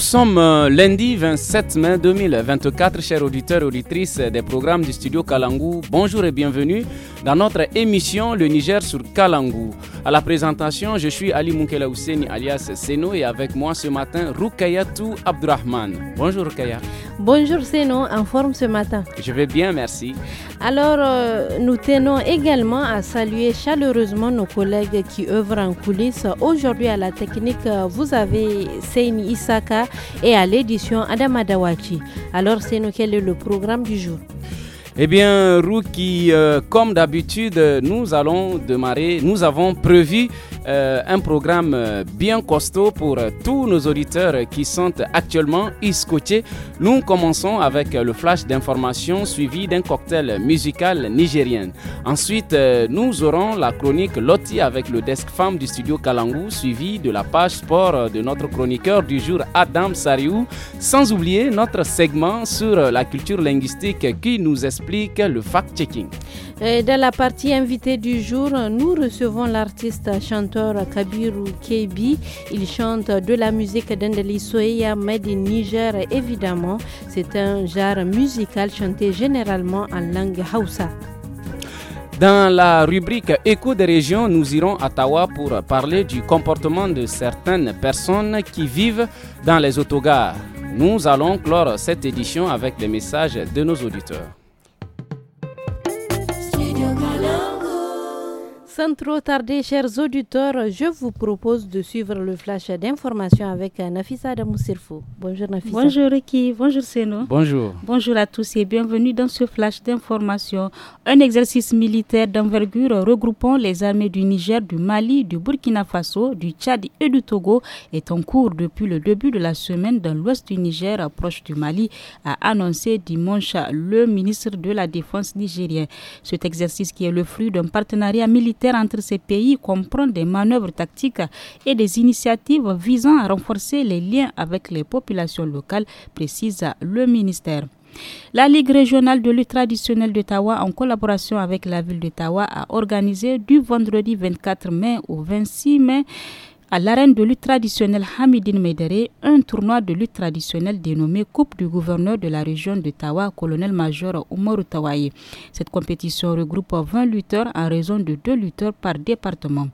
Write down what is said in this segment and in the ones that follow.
Nous sommes euh, lundi 27 mai 2024, chers auditeurs et auditrices des programmes du studio Kalangou. Bonjour et bienvenue dans notre émission Le Niger sur Kalangou. À la présentation, je suis Ali Moukela alias Seno et avec moi ce matin Rukayatou Abdurrahman. Bonjour Rukaya. Bonjour Seno, en forme ce matin Je vais bien, merci. Alors, euh, nous tenons également à saluer chaleureusement nos collègues qui œuvrent en coulisses. Aujourd'hui à la technique, euh, vous avez Seini Isaka et à l'édition Adama Alors, c'est nous quel est le programme du jour eh bien, Rouki, euh, comme d'habitude, nous allons démarrer. Nous avons prévu euh, un programme euh, bien costaud pour euh, tous nos auditeurs qui sont actuellement escotés. Nous commençons avec le flash d'information suivi d'un cocktail musical nigérien. Ensuite, nous aurons la chronique Loti avec le desk femme du studio Kalangu suivi de la page sport de notre chroniqueur du jour Adam Sariou, sans oublier notre segment sur la culture linguistique qui nous explique le fact-checking dans la partie invitée du jour, nous recevons l'artiste chanteur Kabiru Kebi. Il chante de la musique d'un de made in Niger évidemment. C'est un genre musical chanté généralement en langue Hausa. Dans la rubrique Écho des régions, nous irons à Tawa pour parler du comportement de certaines personnes qui vivent dans les autogares. Nous allons clore cette édition avec des messages de nos auditeurs. Sans trop tarder, chers auditeurs, je vous propose de suivre le flash d'information avec euh, Nafisa Damoussirfou. Bonjour Nafisa. Bonjour Ricky, bonjour Seno. Bonjour. Bonjour à tous et bienvenue dans ce flash d'information. Un exercice militaire d'envergure regroupant les armées du Niger, du Mali, du Burkina Faso, du Tchad et du Togo est en cours depuis le début de la semaine dans l'ouest du Niger, proche du Mali, a annoncé dimanche le ministre de la Défense nigérien. Cet exercice qui est le fruit d'un partenariat militaire entre ces pays comprend des manœuvres tactiques et des initiatives visant à renforcer les liens avec les populations locales, précise le ministère. La Ligue régionale de lutte traditionnelle d'Ottawa, en collaboration avec la ville d'Ottawa, a organisé du vendredi 24 mai au 26 mai à l'arène de lutte traditionnelle Hamidine Medere, un tournoi de lutte traditionnelle dénommé Coupe du gouverneur de la région de Tawa, colonel-major Omar Tawaye. Cette compétition regroupe 20 lutteurs en raison de deux lutteurs par département.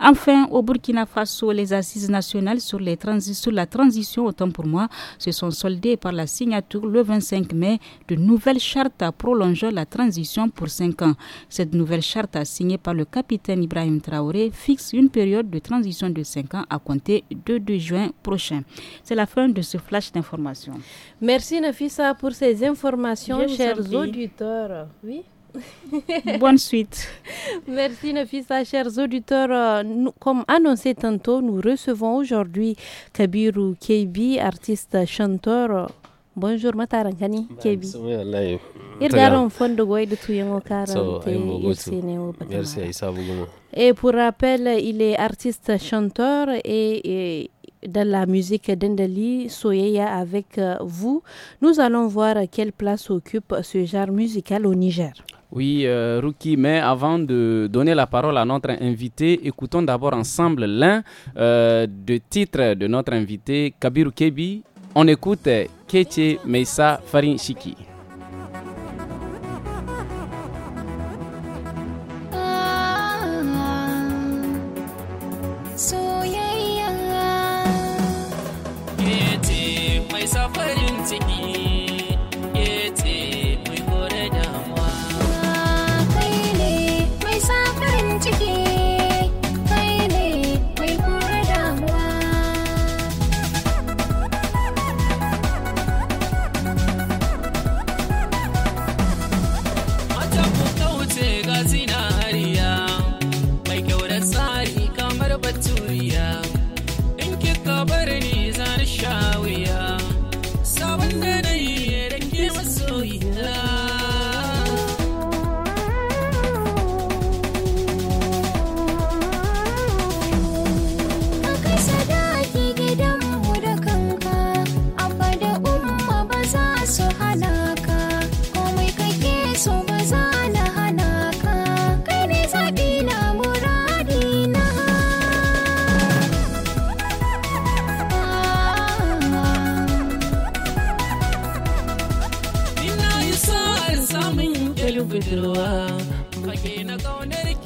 Enfin, au Burkina Faso, les assises nationales sur, la transition, autant pour moi, se sont soldées par la signature le 25 mai de nouvelles chartes prolongeant la transition pour 5 ans. Cette nouvelle charte signée par le capitaine Ibrahim Traoré fixe une période de transition de ans à compter de 2 juin prochain. C'est la fin de ce flash d'information. Merci Nafisa pour ces informations, chers auditeurs. Oui. Bonne suite. Merci Nafisa, chers auditeurs. Euh, nous, comme annoncé tantôt, nous recevons aujourd'hui Kabiru Keibi, artiste chanteur bonjour mataran kani kebi irgaron Merci, Merci, tuyengo et pour rappel il est artiste chanteur et, dans la musique d'Endeli Soyeya avec euh, vous. Nous allons voir quelle place occupe ce genre musical au Niger. Oui, euh, Ruki, mais avant de donner la parole à notre invité, écoutons d'abord ensemble l'un euh, des titres de notre invité, Kabiru Kebi, on écoute Keche Meissa Shiki.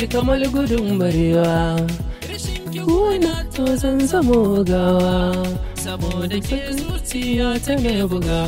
ji kamar gudun barewa wani to zan zamo gawa saboda ke zuciya ta mai buga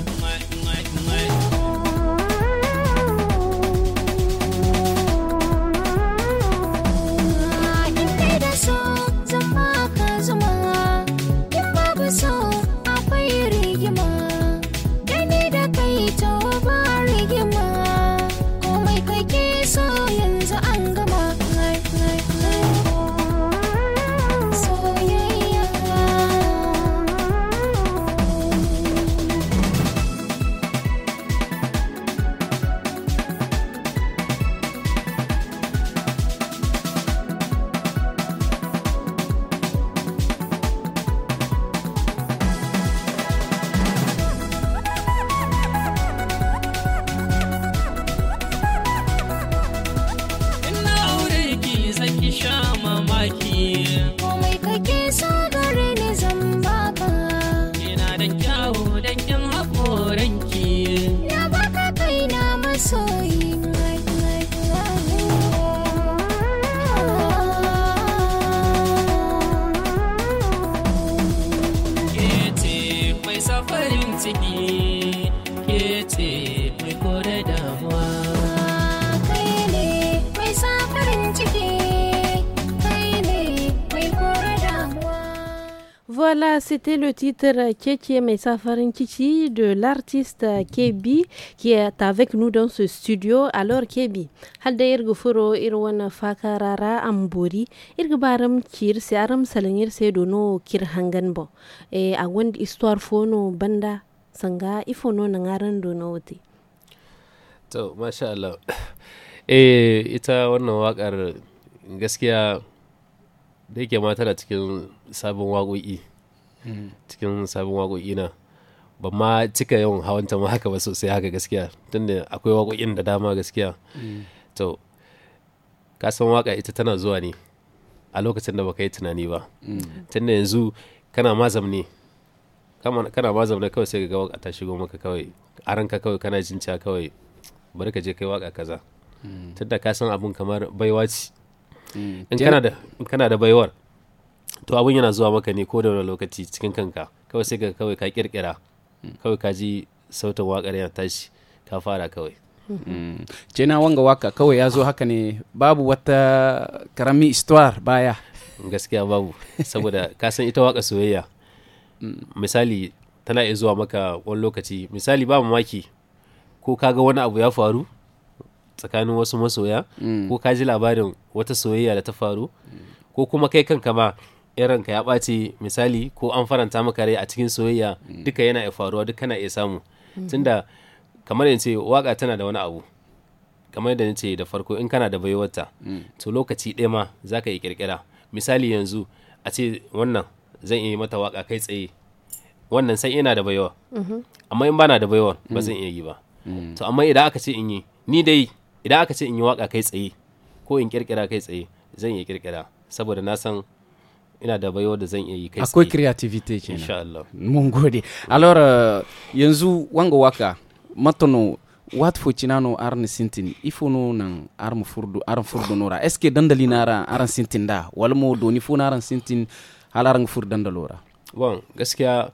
c'était le titre Kétié Messa Kichi de l'artiste Kebi qui est avec nous dans ce studio. Alors Kebi, halda irgu furo irwana fakarara ambori irgbaram baram kir se aram salangir se dono kir hangan bo. E agwand histoire fono banda sanga ifono nangaran dono wote. To, mashallah. Allah. E ita wannan wakar gaskiya da yake mata tana cikin sabon waƙoƙi. cikin sabon waƙoƙi na ba ma cika yawan hawan ta haka ba sosai haka gaskiya tunda akwai waƙoƙin da dama gaskiya to ka san waƙa ita tana zuwa ne a lokacin da baka yi tunani ba tunda yanzu kana ma zamne kana ma zamne kawai sai ga waƙa ta shigo maka kawai ka kawai kana jinciya kawai bari ka je kai waƙa kaza tunda ka san abun kamar baiwa ce in kana da baiwar to abun yana zuwa maka ne ko da wani lokaci cikin kanka kawai sai ka kawai ka kirkira kawai ka ji sautin wakar yana tashi ka fara kawai cena mm. wanga waka kawai ya zo haka ne babu wata karami istuwar baya gaskiya babu saboda ka san ita waka soyayya misali tana iya zuwa maka wani lokaci misali ba mamaki ko ka ga wani abu ya faru tsakanin wasu masoya mm. ko ka ji labarin wata soyayya da ta faru ko kuma kai kanka ma ranka ya ɓace misali ko an faranta maka rai a cikin soyayya mm. duka yana iya faruwa duka kana iya samu mm. tunda kamar yace waka tana da wani abu kamar da nace da farko in kana da baiwarta mm. to lokaci ɗaya ma za ka yi kirkira misali yanzu a ce wannan zan iya mata waka kai tsaye wannan sai ina da baiwa mm-hmm. amma in bana da baiwa ba zan iya yi ba to amma idan aka ce in yi ni dai idan aka ce in yi waka kai tsaye ko in kirkira kai tsaye zan iya kirkira saboda na san ina da baiwa da zan iya yi kai akwai creativity ce insha Allah mun gode alors yanzu wanga waka matano wat fo cinano arn sintin no nan arm furdu arm furdu nora est ce que dandali nara aran sintin da wal mo doni fo naran sintin halaran fur dandalora bon gaskiya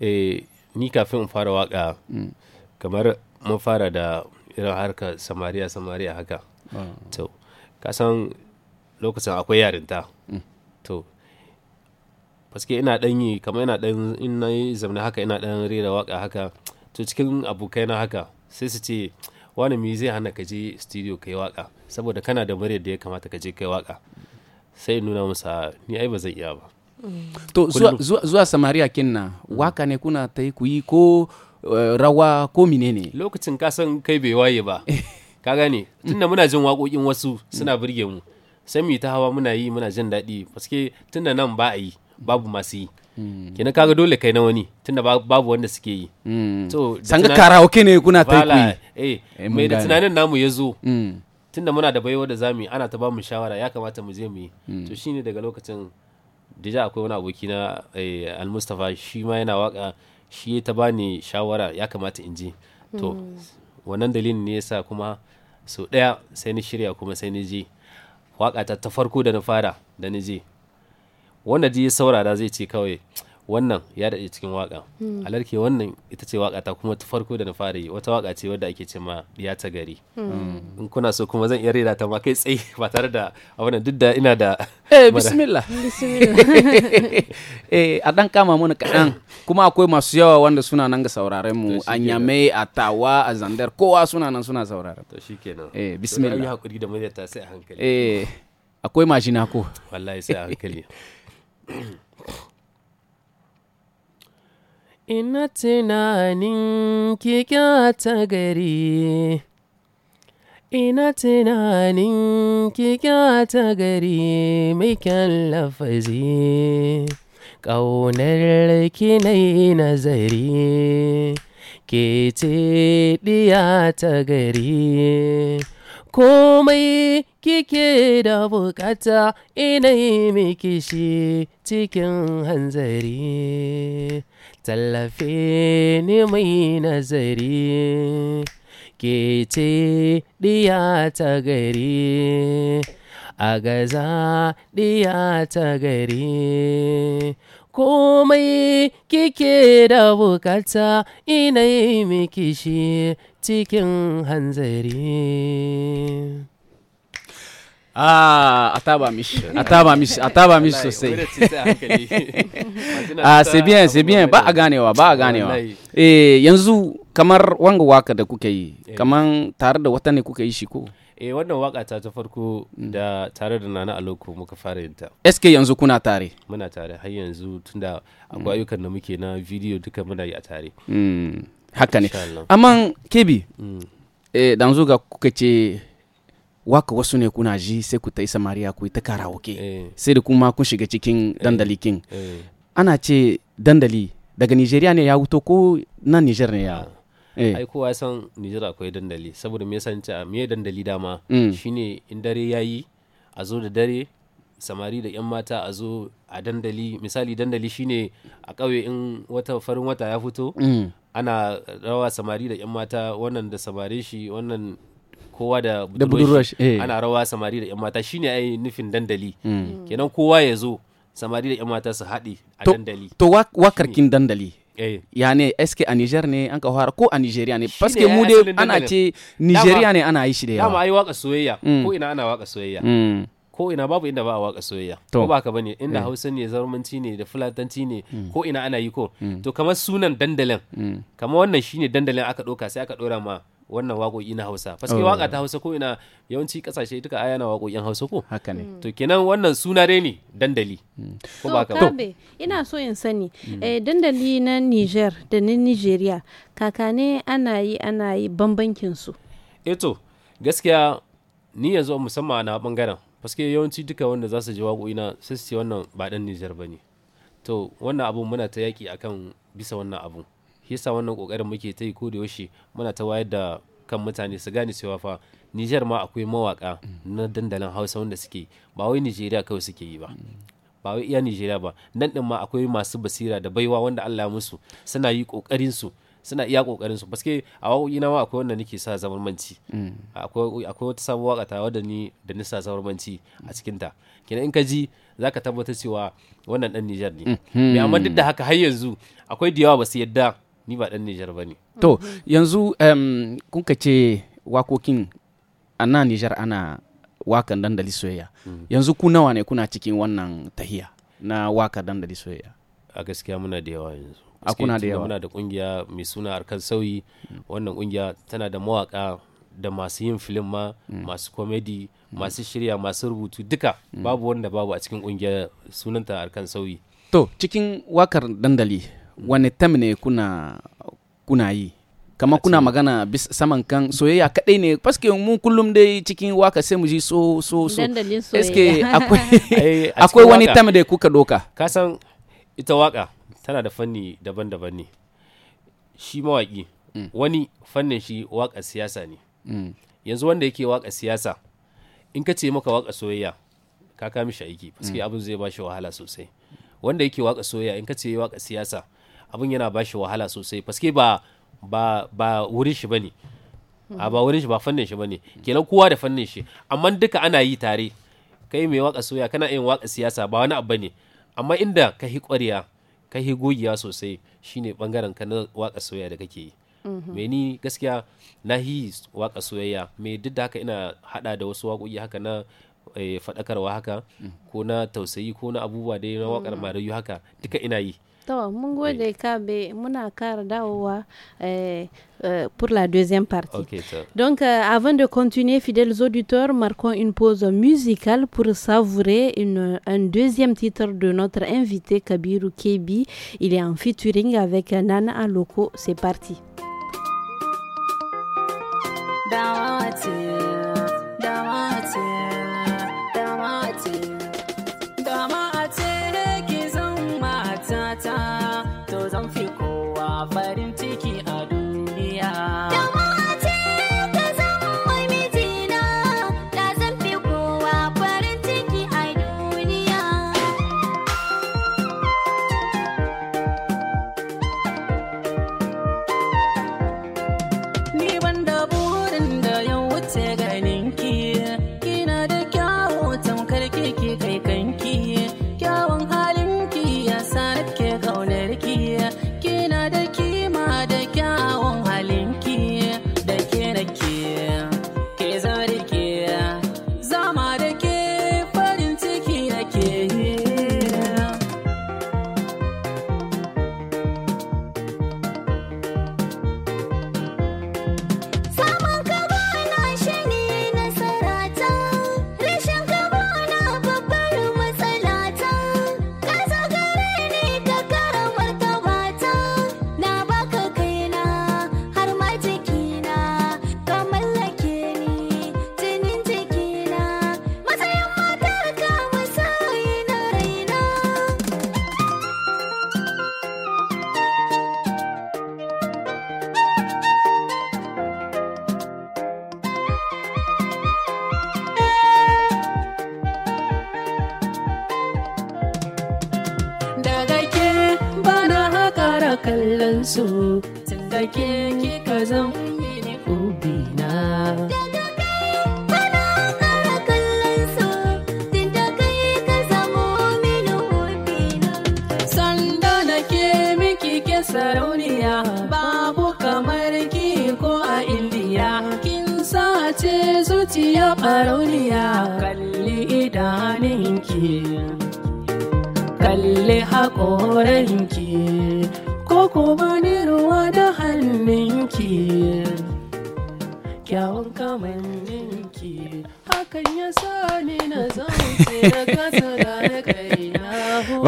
eh, ni kafin in fara waka mm. kamar mun fara da irin harka samariya samariya haka to kasan lokacin akwai yarinta mm. to paske ina dan yi kamar ina dan in na yi zamna haka ina dan rera waka haka to cikin abokai na haka sai su ce wani mi zai hana ka je studio kai waka saboda kana da muryar da ya kamata ka je kai waka sai nuna musa ni ai ba zan iya ba to zuwa samaria kinna waka ne kuna ta yi kuyi ko eh, rawa ko menene lokacin ka san kai bai waye ba ka gane tunda muna jin waƙoƙin wasu suna burge mu sai mu ta hawa muna yi muna jin daɗi paske tunda nan ba a yi babu masu yi hmm. kenan kaga dole kai na wani tunda babu wanda suke yi hmm. so sanga karaoke ne kuna ta yi eh, eh mai da tunanin namu ya zo hmm. tunda muna da baiwa da zamu yi ana ta bamu shawara ya kamata mu je mu yi to shine daga lokacin deja akwai wani aboki na eh, almustafa shi ma yana waka shi ta bani shawara ya kamata in je to wannan dalilin ne yasa kuma so daya sai ni shirya kuma sai ni je waka ta farko da na fara da ni je wanda ji saurara zai ce kawai wannan ya daɗe cikin waka hmm. alarke wannan ita ce waka ta kuma ta farko da na fara yi wata waka ce wadda ake ce ma ya ta gari hmm. Hmm. in kuna so kuma zan iya rera ta ma kai tsaye ba tare da abin duk da ina da eh bismillah eh a dan kama mana kaɗan kuma akwai masu yawa wanda suna nan ga sauraren mu a nyame a tawa a zandar kowa suna nan suna sauraren to shikenan eh bismillah ai hakuri da mai ta sai a hankali eh akwai majina ko wallahi sai a hankali Ina tunanin ki ta gari Ina tunanin ki ta gari mai kyan lafazi Ƙaunar ki na nazari Ke ce ɗiya ta gari komai kike da bukata ina yi miki shi cikin hanzari tallafe ni mai nazari ke ce diya ta gari a gaza diya ta gari komai kike da bukata ina yi miki shi cikin hanzari. Ah, taba mishi, ataba mishi sosai. ah, c'est bien, bien, ba a ganewa, ba a ganewa. Eh, yanzu kamar wanga waka da kuka yi, kamar tare da wata ne kuka yi shi ko? eh wannan waka ta ta farko da tare da Nana Aloko muka fara yin ta SK yanzu kuna tare muna tare har yanzu tunda akwai mm. ayyukan da muke na video duka muna yi a tare mm. haka ne amma kebi mm. eh, dan zuga kuka ce waka wasu ne kuna ji sai ku ta yi samariya ku yi ta karaoke eh. sai da kuma kun shiga cikin eh. dandali king ana ce dandali daga nigeria ne ya wuto ko na niger ne ya ah. Eh. ai kowa san Nijar akwai dandali saboda me san a me dandali dama mm. shine in dare yayi a zo da dare samari da yan mata a zo a dandali misali dandali shine a ƙauye in wata farin wata ya fito mm. ana rawa samari da yan mata wannan da samare shi wannan kowa da budurwashi. Eh. ana rawa samari da yan mata shine ai nufin dandali mm. kenan kowa ya zo samari da yan mata su haɗe a dandali to wakarkin dandali ya eske a niger ne an ka fara ko a nigeria ne parce que mu de ana ce nigeria ne ana yi shi da yawa dama ai waka soyayya mm. ko ina ana waka soyayya mm. ko ina babu inda ba a waka soyayya ko ba ka bane inda eh. hausa ne zarumanci ne da fulatanci ne mm. ko ina ana yi ko to kamar sunan dandalin kamar wannan shine dandalin aka doka sai aka dora ma wannan waƙoƙi na hausa paske oh. waƙa ta hausa ko ina yawanci ƙasashe duka ayyana waƙoƙin hausa ko haka ne to kenan wannan suna dai ne dandali hmm. ko ba ka ba. ina so in sani hmm. eh, dandali na niger da na nigeria kakane ana yi ana yi bambancin su eh to gaskiya ni yanzu musamman na bangaren paske yawanci duka wanda za su ji waƙoƙi na sai su ce wannan ba dan niger ba ne to wannan abun muna ta yaƙi akan bisa wannan abun yasa wannan kokarin muke ta yi ko da yaushe muna ta wayar da kan mutane su gane cewa fa Nijar ma akwai mawaka na dandalin Hausa wanda suke ba wai Nijeriya kawai suke yi ba ba wai iya Nijeriya ba nan din ma akwai masu basira da baiwa wanda Allah musu suna yi kokarin su suna iya kokarin su baske a waƙoƙi na ma akwai wanda nake sa zaman manci akwai wata sabuwa waƙa ta wadda ni da ni sa zaman manci a cikin ta kenan in ka ji zaka tabbatar cewa wannan dan Nijar ne hmm. amma duk da haka har yanzu akwai da yawa ba su yadda ni ba dan Nijar ba ne. To yanzu kun ka ce wakokin a nan Nijar ana wakan dandali soyayya. Mm. Yanzu ku nawa ne kuna cikin wannan tahiya na waka dandali soyayya? A gaskiya muna da yawa yanzu. A kuna da yawa. Muna da kungiya mai suna Arkan Sauyi mm. wannan kungiya tana da mawaka da masu yin filin ma mm. masu komedi masu shirya masu rubutu duka babu wanda babu a cikin kungiyar sunanta Arkan Sauyi. To cikin wakar dandali Mm. wani tam ne kuna kuna yi kama kuna magana bis saman kan soyayya kadai ne paske mu kullum dai cikin waka sai mu ji so so so eske akwai akwai wani tam da kuka doka ka san ita waka tana da fanni daban-daban ne shi mawaki mm. wani fannin shi waka siyasa ne mm. yanzu wanda yake waka siyasa in ka ce maka waka soyayya ka kami shi aiki paske abun abin zai ba shi wahala sosai wanda yake waka soyayya in ka ce waka siyasa abin yana ba shi wahala sosai faske ba ba wurin shi bane a ba wurin shi ba fannin shi bane kenan kowa da fannin shi amma duka ana yi tare kai mai waka soya kana yin waka siyasa ba wani abu ne amma inda ka hi kwariya ka hi gogiya sosai shine bangaren ka na waka soya da kake yi mm-hmm. me ni gaskiya na hi waka soyayya me duk da haka ina hada da wasu waƙoƙi haka na eh, faɗakarwa haka mm. ko na tausayi ko na abubuwa dai na waƙar mm. marayu haka duka ina yi pour la deuxième partie. Donc, euh, avant de continuer, fidèles auditeurs, marquons une pause musicale pour savourer un deuxième titre de notre invité Kabiru Kebi. Il est en featuring avec Nana Aloko. C'est parti.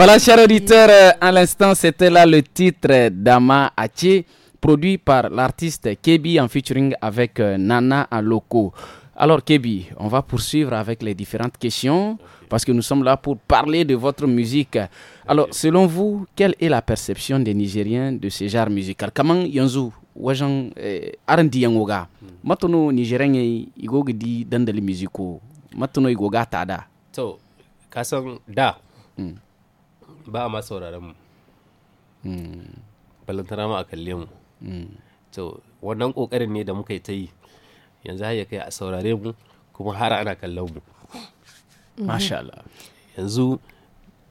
Voilà, chers auditeurs, euh, à l'instant, c'était là le titre d'Ama Ache, produit par l'artiste Kebi en featuring avec euh, Nana Aloko. Alors Kebi, on va poursuivre avec les différentes questions parce que nous sommes là pour parler de votre musique. Alors selon vous, quelle est la perception des Nigériens de ce genre musical Comment eh, yangoga matono Nigérien igoga tada. To da hmm. ba ma sauraron mu balantana ma a kalle mu to wannan kokarin ne da muka yi ta yi yanzu har ya kai a saurare mu kuma har ana kallon mu masha Allah yanzu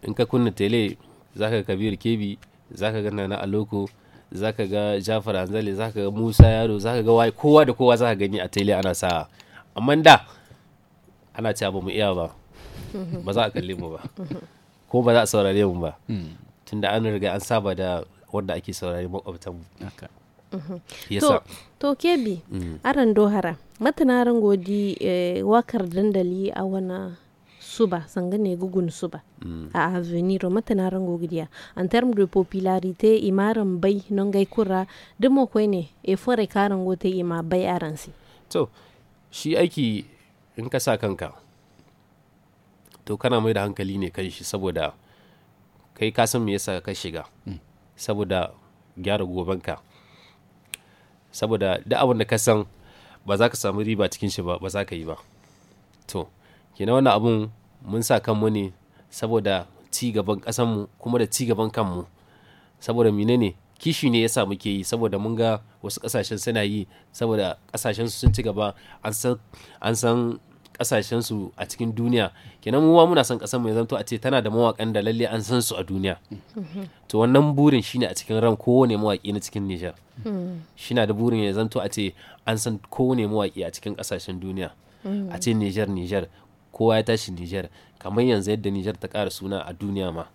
in ka kunna tele zaka ga Kabir Kebi zaka ga Nana Aloko zaka ga Jafar Anzali zaka ga Musa Yaro zaka ga wai kowa da kowa zaka gani a tele ana sa amma da ana cewa ba mu iya ba ba za a kalle mu ba ko ba za a saurare mu ba hmm. tunda an riga an saba da wanda ake saurare mu mhm. to to kebi hmm. aran dohara matanarin godi eh, wakar dandali a wana suba ne gugun suba hmm. a avenir matanarin godiya an terme de popularité imaran bai non gai kura dimo kwai ne e fore karan gote ima bai aransi to shi aiki in ka sa kanka to kana mai da hankali ne kan shi saboda kai kasan san me yasa ka shiga mm. saboda gyara gobenka saboda da abin da ka san ba za ka samu riba cikin shi ba ba za ka yi ba to kenan wannan abun mun sa kanmu ne saboda ci gaban kasanmu kuma da ci gaban kanmu saboda mine ne kishi ne yasa muke yi saboda mun ga wasu kasashen suna yi saboda kasashen su sun ci gaba an san kasashen su a cikin duniya kenan mu muna son kasar mu ya zanto a ce tana da mawakan da lalle an san su a duniya to wannan burin shine a cikin ran kowane mawaki na cikin Nijar shina da burin ya zanto a ce an san kowane mawaki a cikin kasashen duniya a ce Nijar Nijar kowa ya tashi Nijar kamar yanzu yadda Nijar ta ƙara suna a duniya ma.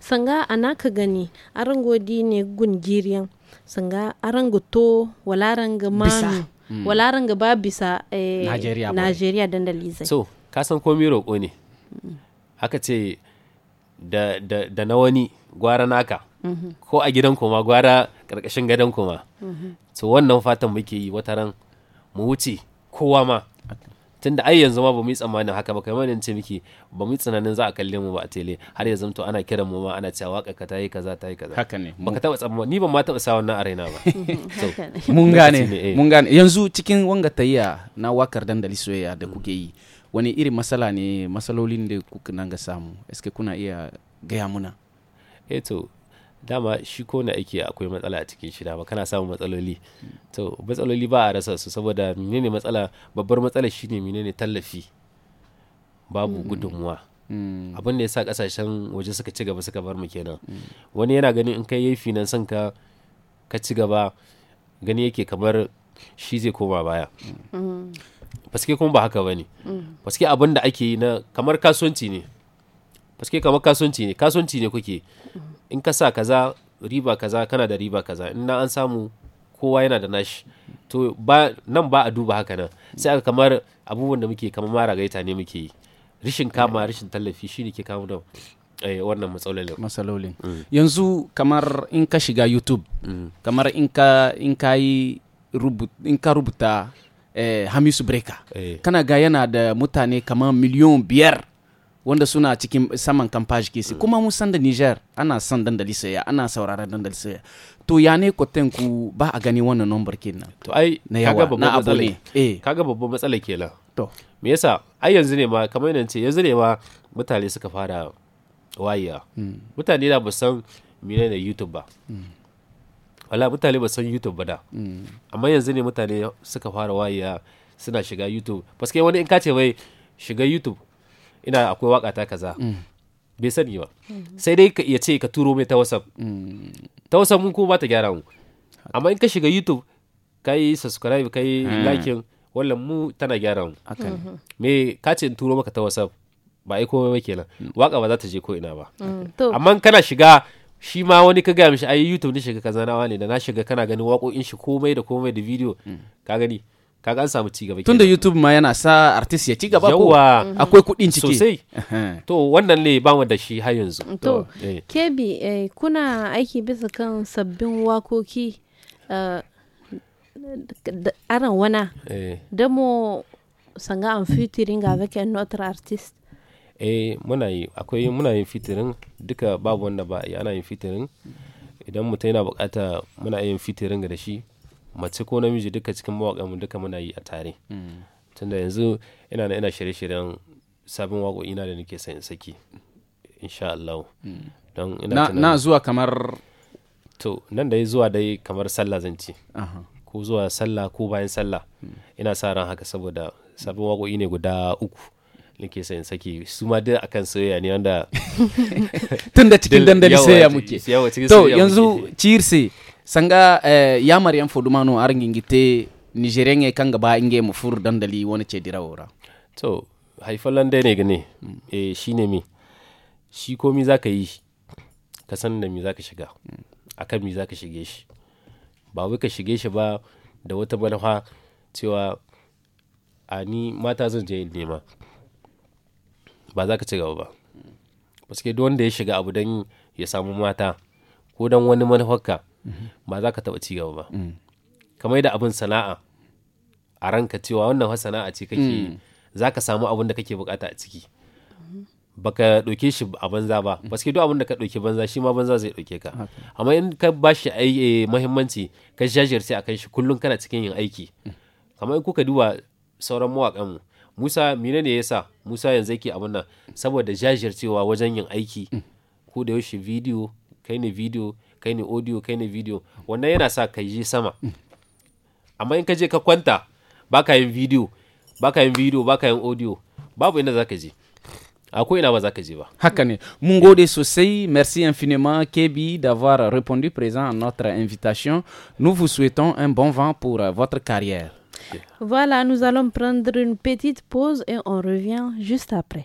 Sanga a naka gani arangodi ne gungiriyan sanga arangoto to Mm. walaran gaba bisa eh, Najeriya dandali zai so kasan komi roƙo ne Haka mm. ce da, na wani gwara naka mm-hmm. ko a gidan kuma gwara ƙarƙashin gadon kuma to mm-hmm. so, wannan fatan muke yi wataran mu wuce kowa ma tunda ai yanzu ma ba mu yi tsammanin haka ba kai yadda ce miki ba mu yi tsananin za a kalle mu ba a tele har ya zamto ana kiran mu ma ana cewa waka ka tayi kaza tayi kaza haka ne baka taba tsammani ni ban ma taba sa wannan a raina ba mun gane eh. mun gane yanzu cikin wanga tayya na wakar dandali soyayya da kuke yi wani irin masala ne masalolin da kuka nan ga samu eske kuna iya gaya muna eto eh dama shi ko na aiki akwai matsala a cikin shi dama kana samun matsaloli to matsaloli ba a rasa su saboda menene matsala babbar matsala shine menene tallafi babu mm. gudunmuwa mm. abin da ya sa kasashen waje suka ci gaba suka bar mu kenan mm. wani yana ganin in kai yayi finansan ka ka ci gaba gani yake kamar shi zai koma baya paske kuma ba haka ba ne paske abin da ake yi na kamar kasuwanci ne paske kamar kasuwanci ne kasuwanci ne kuke in ka sa kaza riba kaza kana da riba kaza in na an samu kowa yana da nashi to ba nan ba a duba haka nan sai aka kamar abubuwan da muke kamar mara gaita ne muke yi rishin kama rishin tallafi shine ke kama da eh, wannan matsalolin matsalolin mm. yanzu kamar in ka shiga youtube mm. kamar in ka in ka yi in ka rubuta eh, hamisu breka eh. kana ga yana da mutane kamar miliyon biyar wanda suna cikin saman kamfaji kisi kuma mun san da niger ana san dandali saya ana sauraron dandali saya to ya ne kwatan ku ba a gani wannan nombar kenan to ai na yawa na abu ne eh kaga babban matsala kenan to me yasa ai yanzu ne ma kamar yadda ce yanzu ne ma mutane suka fara waya hmm. mutane da ba san menene youtube ba hmm. wala mutane ba san youtube ba da hmm. amma yanzu ne mutane suka fara waya suna shiga youtube paske wani in ka ce wai shiga youtube ina akwai waka ta kaza mm. bai sani ba sai dai ka iya ce ka turo mai ta whatsapp mm. ta whatsapp mun kuma ba ta gyara mu amma in ka shiga youtube ka yi subscribe ka yi ah. likin wallan mu tana gyara mu mm-hmm. me ka ce in turo maka ta whatsapp ba ai komai kenan mm. waka ba za ta je ko ina ba amma kana shiga shi ma wani ka gaya mishi ai youtube ne shiga kaza na wani da na shiga kana ganin waƙoƙin shi komai da komai da video ka gani kaga an samu cigaba tunda youtube ma yana sa artist ya ci gaba ko mhm. akwai kudin ciki sosai to wannan ne ba mu da shi har yanzu to kebi eh. eh, kuna aiki bisa kan sabbin wakoki eh, aran wana da mu sanga an ga avec un notar artist eh muna yi akwai muna yin fitirin duka babu wanda ba ana yin fitirin idan mutum yana bukata muna yin fitirin da shi mace ko namiji duka cikin mawaƙa mu duka muna yi a tare tunda yanzu ina ina shirye-shiryen sabon waƙoƙi na da nake sayin saki insha Allah don ina na zuwa kamar to nan da zuwa dai kamar sallah zan ci ko zuwa sallah ko bayan sallah ina sa ran haka saboda sabon waƙoƙi ne guda uku nake sayin saki su ma duk akan soyayya ne wanda tunda cikin dandali sai ya muke to yanzu cirse sanga eh, yamar yan fodumano argingite nigerian e kanga ba inge mu fur dandali wani ce dira wora to haifalan dai ne gane mm. eh shine mi shi mi zaka yi ka san da mi zaka shiga hmm. akan mi zaka shige shi ba wai ka shige shi ba da wata manufa cewa a ni mata zan je nema ba za ka ci gaba ba hmm. paske duk wanda ya shiga abu don ya samu mata ko don wani manufarka ba za ka taɓa ci gaba ba mm. kamar da abin sana'a a ranka cewa wannan fa sana'a ce kake mm. za ka samu abin da kake bukata a ciki mm-hmm. Ba ka ɗauke shi a banza ba mm. paske duk abin da ka ɗauke banza shi ma banza zai ɗauke ka amma in ka ba shi eh, muhimmanci ka jajirce a kan shi kullum kana cikin yin aiki kamar in kuka duba sauran mawaƙan musa mine ne yasa musa yanzu yake abin nan saboda jajircewa wajen yin aiki ko da yaushe bidiyo kai ne bidiyo kaine audio kaine video wannan yana sa ka je sama amma in ka je ka kwanta baka yin video baka yin video baka yin audio babu ina zaka je akwai ina ba ka je ba haka ne sosai merci infiniment Kebi d'avoir répondu présent à notre invitation nous vous souhaitons un bon vent pour votre carrière voilà nous allons prendre une petite pause et on revient juste après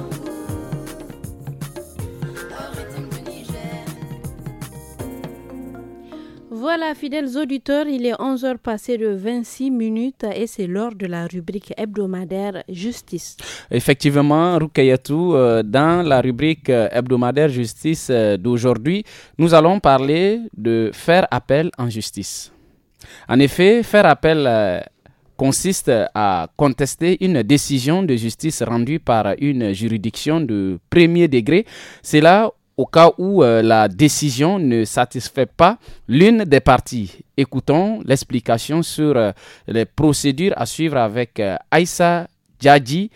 Voilà, fidèles auditeurs, il est 11h passé de 26 minutes et c'est l'heure de la rubrique hebdomadaire Justice. Effectivement, Rukayatou, euh, dans la rubrique euh, hebdomadaire Justice euh, d'aujourd'hui, nous allons parler de faire appel en justice. En effet, faire appel consiste à contester une décision de justice rendue par une juridiction de premier degré. C'est là au cas où euh, la décision ne satisfait pas l'une des parties. Écoutons l'explication sur euh, les procédures à suivre avec euh, Aïssa Djadji,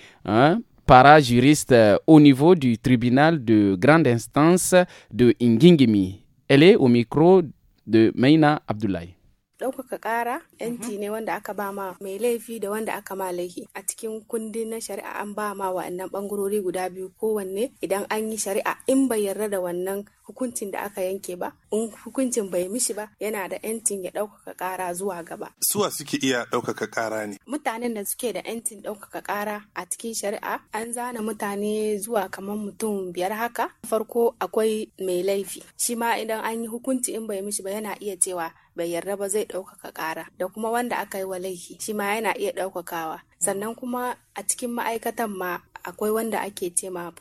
para-juriste au niveau du tribunal de grande instance de Ngingimi. Elle est au micro de Meina Abdoulaye. ɗaukaka ƙara yanci mhm. ne wanda aka ba ma mai laifi da wanda aka ma laifi a cikin kundi na shari'a an ba ma wa'annan ɓangarori guda biyu kowanne idan an yi shari'a in bai yarda da wannan hukuncin da aka yanke ba in hukuncin bai mishi ba yana da yancin ya ɗaukaka ƙara zuwa gaba. suwa suke iya ɗaukaka ƙara ne. mutanen da suke da yancin ɗaukaka ƙara a cikin shari'a an zana mutane zuwa kamar mutum biyar haka farko akwai mai laifi shi ma idan an yi hukunci in bai mishi ba yana iya cewa bai yarda ba zai ɗaukaka ƙara da kuma wanda aka yi wa laifi shi ma yana iya ɗaukakawa sannan kuma a cikin ma'aikatan ma akwai wanda ake ce ma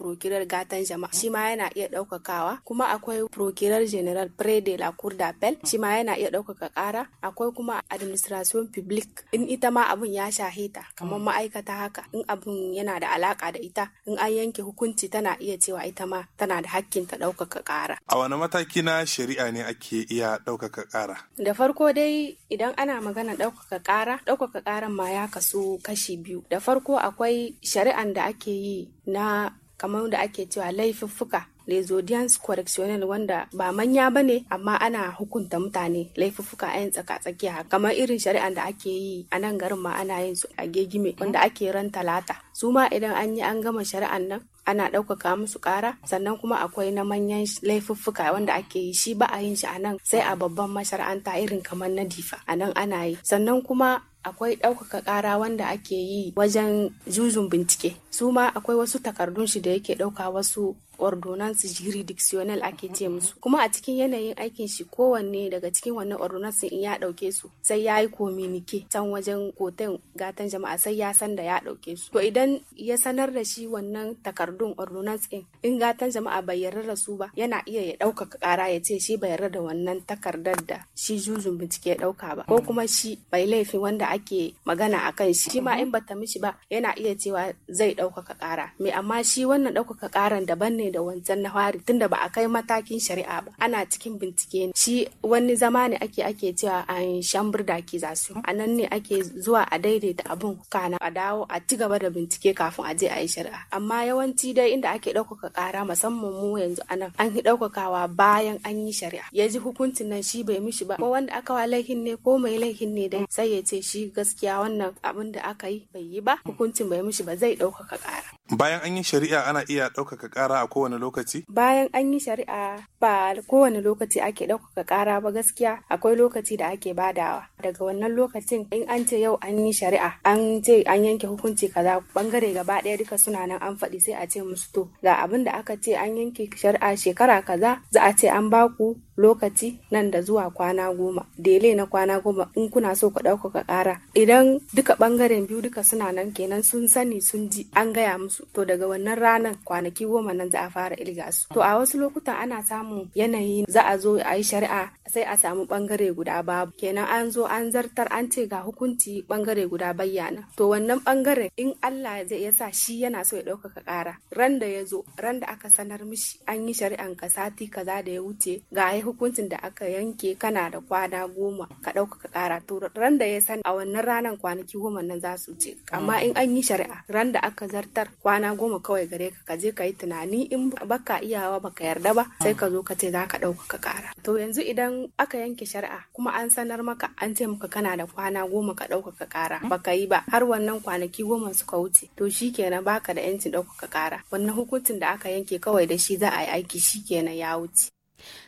gatan jama'a shi ma yana iya ɗaukakawa kuma akwai prokirar general pre de la cour d'appel shi ma yana iya ɗaukaka ƙara akwai kuma administration public in ita ma abun ya shahe ta kamar mm. ma'aikata haka in abun yana da alaka da ita in an yanke hukunci tana iya cewa ita ma tana da hakkin ta ɗaukaka ƙara. A wani mataki na shari'a ne ake iya ɗaukaka ƙara? Da farko dai idan ana magana ɗaukaka ƙara ɗaukaka ƙaran ma ya kasu kashi biyu da farko akwai shari'an da ake yi na kamar da ake cewa laifuffuka lesodians correctional wanda ba manya ba ne amma ana hukunta mutane laifuffuka a yan tsaka-tsakiya kamar irin shari'an da ake yi a nan garin ma ana yin su a gegime wanda ake ran talata su ma idan an yi an gama shari'an nan ana ɗaukaka musu ƙara sannan kuma akwai na manyan laifuffuka wanda ake yi shi ba a yin shi a nan sai a babban mashar'anta irin kamar na difa a nan ana yi sannan kuma akwai ɗaukaka ƙara wanda ake yi wajen jujun bincike su ma akwai wasu takardun shi da yake ɗauka wasu ordonance jurisdictionnel ake ce musu kuma a cikin yanayin aikin shi kowanne daga cikin wannan ordonance in ya dauke su sai ya yi kominike can wajen kotan gatan jama'a sai ya san da ya dauke su to idan ya sanar da shi wannan takardun ordonance din in gatan jama'a bai yarda da su ba yana iya ya dauka kara ya ce shi bai yarda da wannan takardar da shi jujun bincike ya dauka ba ko kuma shi bai laifi wanda ake magana akan shi shi ma in bata mishi ba yana iya cewa zai dauka kara me amma shi wannan dauka karan daban ne ne da wancan na fari tunda ba a kai matakin shari'a ba ana cikin bincike ne shi wani zama ne ake ake cewa a shambur da ke su. a nan ne ake zuwa a daidaita abun kana a dawo a ci gaba da bincike kafin a je a yi shari'a amma yawanci dai inda ake ɗaukaka ƙara musamman mu yanzu anan an yi ɗaukakawa bayan an yi shari'a ya ji hukuncin nan shi bai mishi ba ko wanda aka wa laifin ne ko mai laifin ne dai sai ya ce shi gaskiya wannan abin da aka yi bai yi ba hukuncin bai mishi ba zai ɗaukaka ƙara Bayan an yi shari'a ana iya ɗaukaka ƙara a kowane lokaci? Bayan an yi shari'a ba kowane lokaci ake ɗaukaka ƙara ba gaskiya akwai lokaci da ake badawa. Daga wannan lokacin in an ce yau an yi shari'a an ce an yanke hukunci kaza bangare gaba ɗaya duka suna nan an faɗi sai a ce musu to ga abin da aka ce an yanke shari'a shekara kaza za a ce an baku lokaci nan da zuwa kwana goma dele na kwana goma in kuna so ku ɗaukaka ƙara idan duka ɓangaren biyu duka suna nan kenan sun sani sun ji an gaya musu to daga wannan ranar kwanaki goma nan za a fara ilga su to a wasu lokutan ana samun yanayi za a zo a yi shari'a sai a samu ɓangare guda babu kenan an zo an zartar an ce ga hukunci ɓangare guda bayyana to wannan ɓangaren in Allah zai ya sa shi yana so ya ɗaukaka ƙara Randa da ya zo ran aka sanar mishi an yi shari'an ka sati kaza da ya wuce ga hukuncin da aka yanke kana da kwana goma ka ɗauka ka ƙara to ran da ya sani a wannan ranar kwanaki goma nan za su ce amma in an yi shari'a ran da aka zartar kwana goma kawai gare ka ka je ka yi tunani in baka iyawa baka yarda ba sai ka zo ka ce za ka ɗauka ka ƙara to yanzu idan aka yanke shari'a kuma an sanar maka an ce maka kana da kwana goma ka ɗauka ka ƙara baka yi ba har wannan kwanaki goma suka wuce to shi kenan baka da yancin ɗauka ka ƙara wannan hukuncin da aka yanke kawai da shi za a yi aiki shi kenan ya wuce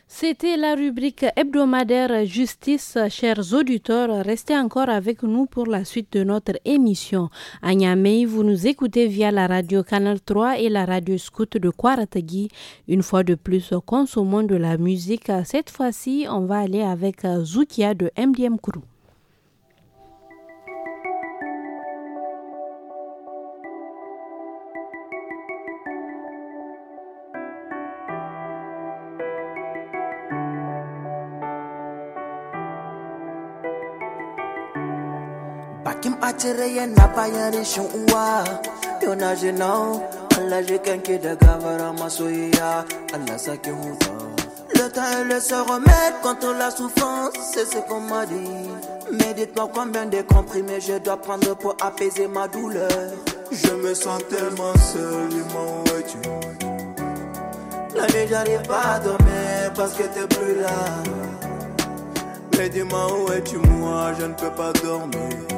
C'était la rubrique hebdomadaire Justice. Chers auditeurs, restez encore avec nous pour la suite de notre émission. À vous nous écoutez via la radio Canal 3 et la radio Scout de Kouaratagui. Une fois de plus, consommons de la musique. Cette fois-ci, on va aller avec Zoukia de MDM Crew. Le temps est le seul remède contre la souffrance, c'est ce qu'on m'a dit. Mais dites-moi combien de comprimés je dois prendre pour apaiser ma douleur. Je me sens tellement seul, Dis-moi où es-tu La nuit j'arrive pas à dormir parce que t'es plus là. Mais dis-moi où es-tu, moi je ne peux pas dormir.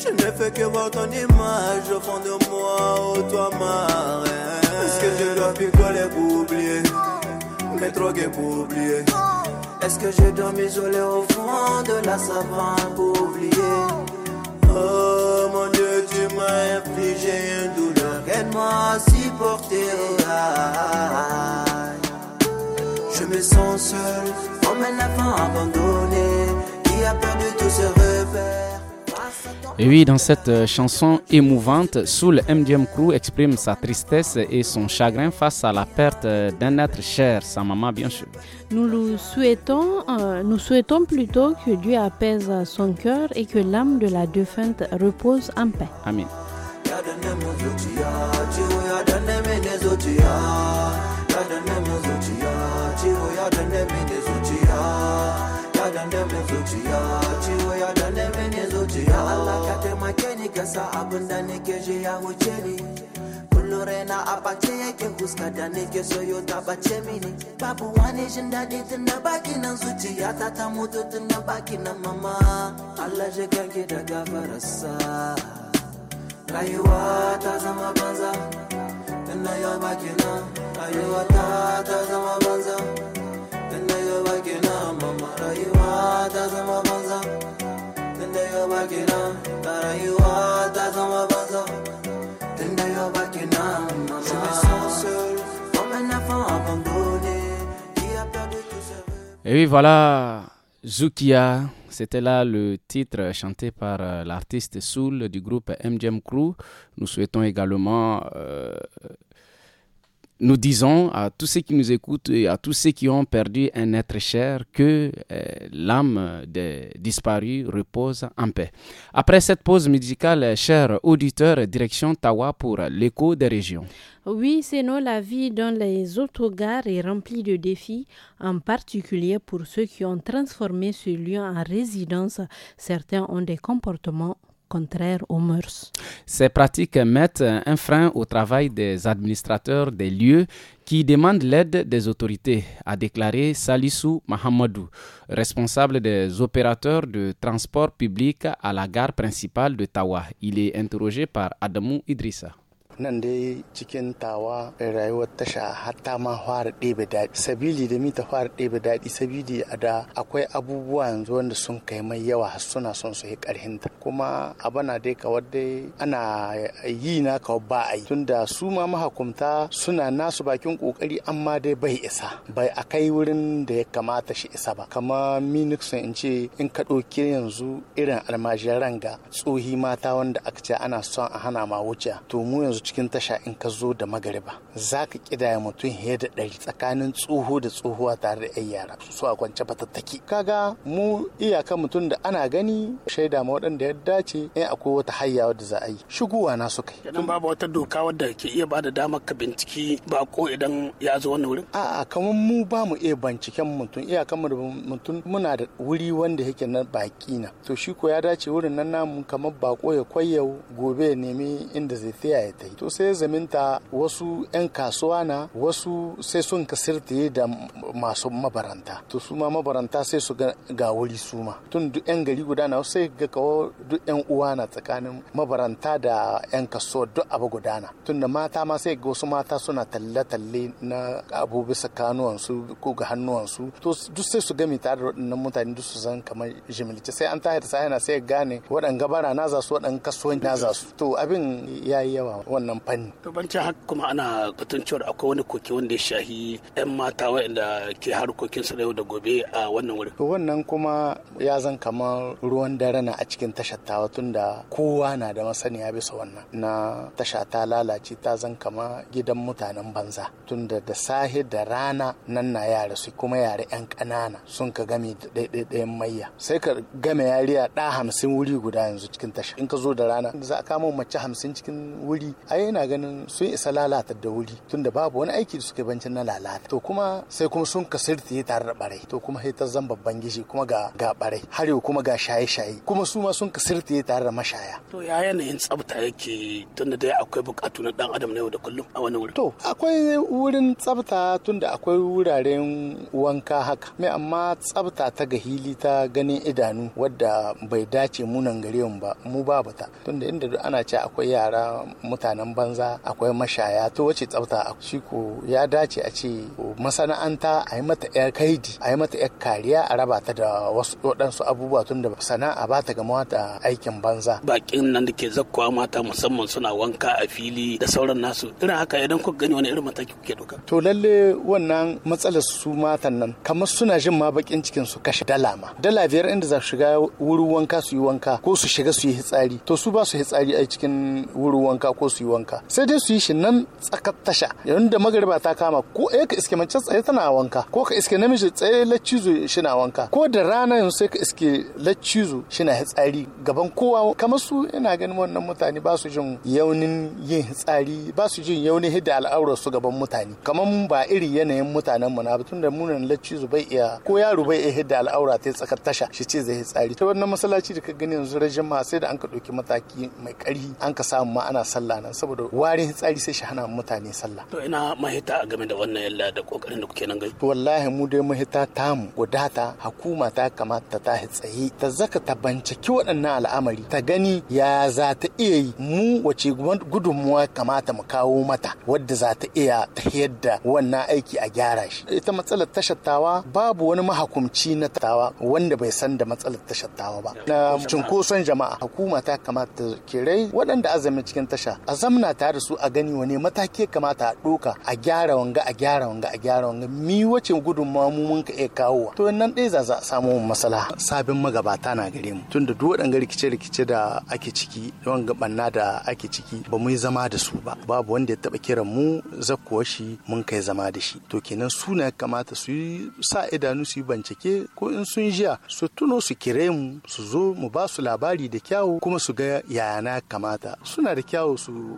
Je ne fais que voir ton image au fond de moi, oh toi ma reine. Est-ce que je dois picoler les oublier, mes drogues pour oublier? Est-ce que je dois m'isoler au fond de la savane pour oublier? Oh mon Dieu, tu m'as infligé une douleur aide-moi à supporter. Je me sens seul, comme un enfant abandonné. Et oui, dans cette euh, chanson émouvante, Soul MDM Crew exprime sa tristesse et son chagrin face à la perte euh, d'un être cher, sa maman bien sûr. Nous souhaitons, euh, nous souhaitons plutôt que Dieu apaise son cœur et que l'âme de la défunte repose en paix. Amen. sa abin da nake je ya wuce ni kullum raina a ɓace yake huska da nake soyo ta ɓace mini babu wani jin daɗi tun na baki nan zuciya ta ta mutu tun na baki nan mama Allah shi kanki da gafararsa rayuwa ta zama banza tun na yau baki nan rayuwa ta ta zama banza tun na yau baki nan mama rayuwa ta zama banza Et oui, voilà, Zukia, c'était là le titre chanté par euh, l'artiste Soul du groupe MGM Crew. Nous souhaitons également euh, nous disons à tous ceux qui nous écoutent et à tous ceux qui ont perdu un être cher que euh, l'âme des disparus repose en paix. Après cette pause musicale, chers auditeurs, direction Tawa pour l'écho des régions. Oui, c'est sinon la vie dans les autres est remplie de défis, en particulier pour ceux qui ont transformé ce lieu en résidence. Certains ont des comportements Contraire aux mœurs. Ces pratiques mettent un frein au travail des administrateurs des lieux qui demandent l'aide des autorités, a déclaré Salissou Mahamadou, responsable des opérateurs de transport public à la gare principale de Tawa. Il est interrogé par Adamou Idrissa. nan dai cikin tawa eh, rayuwar tasha hatta ma fara ɗebe daɗi sabili da mita fara ɗebe daɗi sabili a da akwai abubuwa yanzu wanda sun kai mai yawa suna son su yi ƙarhinta kuma abana dai kawar dai ana yi na kawar ba a yi tunda su ma mahakumta suna nasu bakin ƙoƙari amma dai bai isa bai a kai wurin da ya kamata shi isa ba kama minixon in ce in ka ɗauki yanzu irin almajiran ga tsohi mata wanda aka ce ana son a hana ma wuce to mu yanzu cikin tasha in ka zo da magariba za ka kidaya mutum fiye da ɗari tsakanin tsoho da tsohuwa tare da 'yan yara su a kwance fatattaki kaga mu iyaka mutum da ana gani shaida ma waɗanda ya dace in eh, akwai wata hayya wadda za a yi shigowa na suka yi kenan babu wata doka wadda ke iya bada damar ka binciki ba ko idan ya zo wannan wurin a'a kaman mu ba mu iya binciken mutum iyakan mutum muna da wuri wanda yake na baki na to shi ko ya dace wurin nan namu kamar bako ya kwayyau gobe ya nemi inda zai tsaya ya tai to sai zaminta wasu 'yan kasuwa na wasu sai sun kasirte da masu mabaranta to su ma mabaranta sai su ga wuri su ma tun duk 'yan gari guda na sai ga kawo duk 'yan uwa na tsakanin mabaranta da 'yan kasuwa duk abu na tun da mata ma sai ga wasu mata suna talle-talle na abu bisa kanuwansu ko ga hannuwansu to duk sai su gami tare da waɗannan mutane duk su zan kamar jimilce sai an tahir sai na sai gane waɗanga gabara na za su waɗan kasuwanci na za su to abin ya yi yawa wannan wannan fanni. To haka kuma ana batun akwai wani koki wanda ya shahi 'yan mata waɗanda ke harkokin su yau da gobe a wannan wuri. To wannan kuma ya zan kamar ruwan dare na a cikin tashar tawa tunda kowa na da masaniya bisa wannan. Na tasha ta lalace ta zan kama gidan mutanen banza tunda da sahi da rana nan na yara su kuma yara 'yan ƙanana sun ka game ɗaiɗaiɗayan mayya. Sai ka game yariya ɗa hamsin wuri guda yanzu cikin tasha. In ka zo da rana za a kama mace hamsin cikin wuri. ai ina ganin sun isa lalata da wuri tunda babu wani aiki da suka bancin na lalata to kuma sai kuma sun kasirtiye tare da barai to kuma sai ta zan babban gishi kuma ga ga barai har yau kuma ga shaye-shaye kuma su ma sun kasirtiye tare da mashaya to ya yanayin tsafta yake tunda dai akwai bukatu na dan adam na yau da kullum a wani wuri to akwai wurin tsafta tunda akwai wuraren wanka haka mai amma tsafta ta ga ta ganin idanu wadda bai dace munan gare mu ba mu babu ta tunda inda ana ce akwai yara mutane nan banza akwai mashaya to wace tsafta shi ko ya dace a ce masana'anta a yi mata yar kaidi a yi mata yar kariya a raba ta da wasu waɗansu abubuwa tun da sana'a ba ta gama ta aikin banza bakin nan da ke zakkuwa mata musamman suna wanka a fili da sauran nasu irin haka idan k'u gani wani irin mataki kuke doka to lalle wannan matsalar su matan nan kamar suna jin ma bakin cikin su kashe dala ma dala biyar inda za su shiga wurin wanka su yi wanka ko su shiga su yi hitsari to su ba su hitsari a cikin wurin wanka ko su yi wanka sai dai su yi shi nan tsakar tasha yayin da magariba ta kama ko eh ka iske mace tsaye tana wanka ko ka iske namiji tsaye laccizo shi na wanka ko da rana yanzu sai ka iske laccizo shi na hitsari gaban kowa kamar su ina ganin wannan mutane ba su jin yaunin yin hitsari ba su jin yaunin hidda al'aura su gaban mutane kamar ba iri yanayin mutanen mu na tun da munan laccizo bai iya ko yaro bai iya hidda al'aura ta tsakar tasha shi ce zai hitsari ta wannan masallaci da ka gani yanzu rajin ma sai da an ka ɗauki mataki mai karfi an ka samu ma ana sallah nan saboda warin tsari sai shi hana mutane sallah to ina mahita game da wannan yalla da kokarin da kuke nan gai wallahi mu dai mahita tamu wadata hukuma ta kamata ta tsaye ta zaka ta bancaki waɗannan al'amari ta gani ya za ta iya yi mu wace gudunmuwa kamata mu kawo mata wadda za ta iya ta yadda wannan aiki a gyara shi ita matsalar tashattawa babu wani mahakumci na tawa wanda bai san da matsalar tashattawa ba na cunkoson jama'a hukuma ta kamata kirai waɗanda azumin cikin tasha a zamna tare da su a gani wane mataki kamata a ɗoka a gyara wanga a gyara wanga a gyara wanga mi wace gudun mu mun ka iya kawo to nan ɗaya za a samu masala sabin magabata na gare mu tunda duk waɗanga rikice-rikice da ake ciki don ga banna da ake ciki ba mu yi zama da su ba babu wanda ya taɓa kiran mu zakkuwa shi mun kai zama da shi to kenan suna ya kamata su yi sa idanu su yi bincike ko in sun jiya su tuno su kire mu su zo mu ba su labari da kyawu kuma su ga yayana kamata suna da kyawu su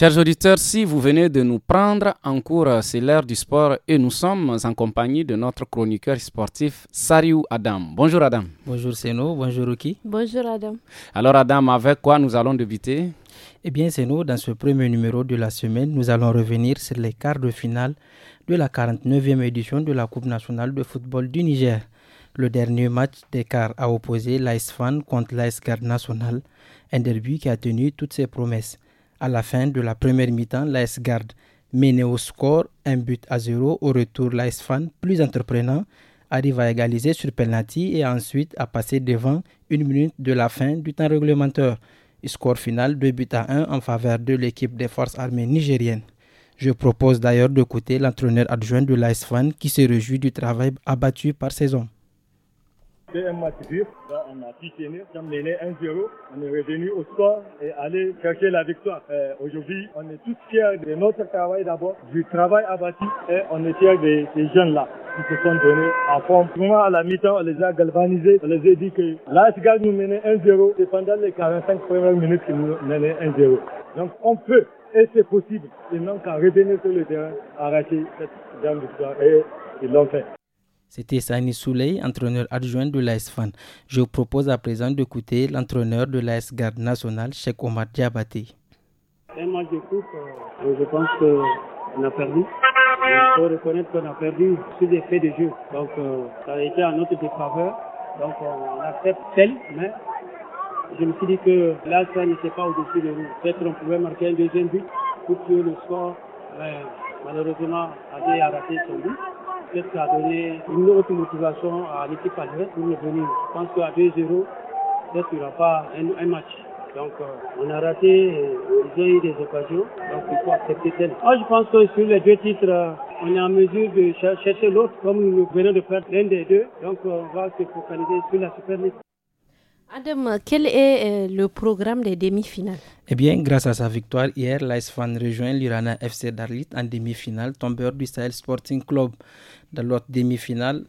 Chers auditeurs, si vous venez de nous prendre en cours, c'est l'heure du sport et nous sommes en compagnie de notre chroniqueur sportif Sariou Adam. Bonjour Adam. Bonjour Seno, bonjour Ruki. Bonjour Adam. Alors Adam, avec quoi nous allons débuter Eh bien Seno, dans ce premier numéro de la semaine, nous allons revenir sur les quarts de finale de la 49e édition de la Coupe nationale de football du Niger. Le dernier match des quarts a opposé l'Ice Fan contre l'Ice national, National, un derby qui a tenu toutes ses promesses. À la fin de la première mi-temps, l'AS Garde mené au score un but à zéro. Au retour, l'AS Fan, plus entreprenant, arrive à égaliser sur penalty et ensuite à passer devant une minute de la fin du temps réglementaire. Score final 2 buts à 1 en faveur de l'équipe des forces armées nigériennes. Je propose d'ailleurs d'écouter l'entraîneur adjoint de l'AS Fan qui se réjouit du travail abattu par ses c'était un match on a pu On mené 1-0. On est revenu au score et aller chercher la victoire. Euh, aujourd'hui, on est tous fiers de notre travail d'abord, du travail abattu et on est fiers des, jeunes-là qui se sont donnés à fond. Moi, à la mi-temps, on les a galvanisés. On les a dit que l'Asgard nous menait 1-0. C'est pendant les 45 premières minutes qu'ils nous menaient 1-0. Donc, on peut et c'est possible. Ils n'ont qu'à revenir sur le terrain, arracher cette grande victoire et ils l'ont fait. C'était Sani Souley, entraîneur adjoint de l'AS Je vous propose à présent d'écouter l'entraîneur de l'AS Garde national, Cheikh Omar Diabaté. Un match de coupe, euh, je pense qu'on a perdu. Il faut reconnaître qu'on a perdu sous des faits de jeu. Donc, euh, ça a été un autre défaveur. Donc, on accepte celle, mais je me suis dit que là, n'était pas au-dessus de nous. Peut-être qu'on pouvait marquer un deuxième but pour tuer le score. Euh, malheureusement, Adé a raté son but peut-être a donné une autre motivation à l'équipe adverse pour le Je pense qu'à 2-0, peut-être qu'il n'y aura pas un, match. Donc, euh, on a raté, euh, ils ont eu des occasions, donc il faut accepter tel. Moi, je pense que sur les deux titres, euh, on est en mesure de chercher l'autre, comme nous venons de faire l'un des deux. Donc, on va se focaliser sur la Super League. Adam, quel est euh, le programme des demi-finales Eh bien, grâce à sa victoire hier, l'ISFAN rejoint l'Irana FC Darlit en demi-finale, tombeur du Sahel Sporting Club. Dans l'autre demi-finale,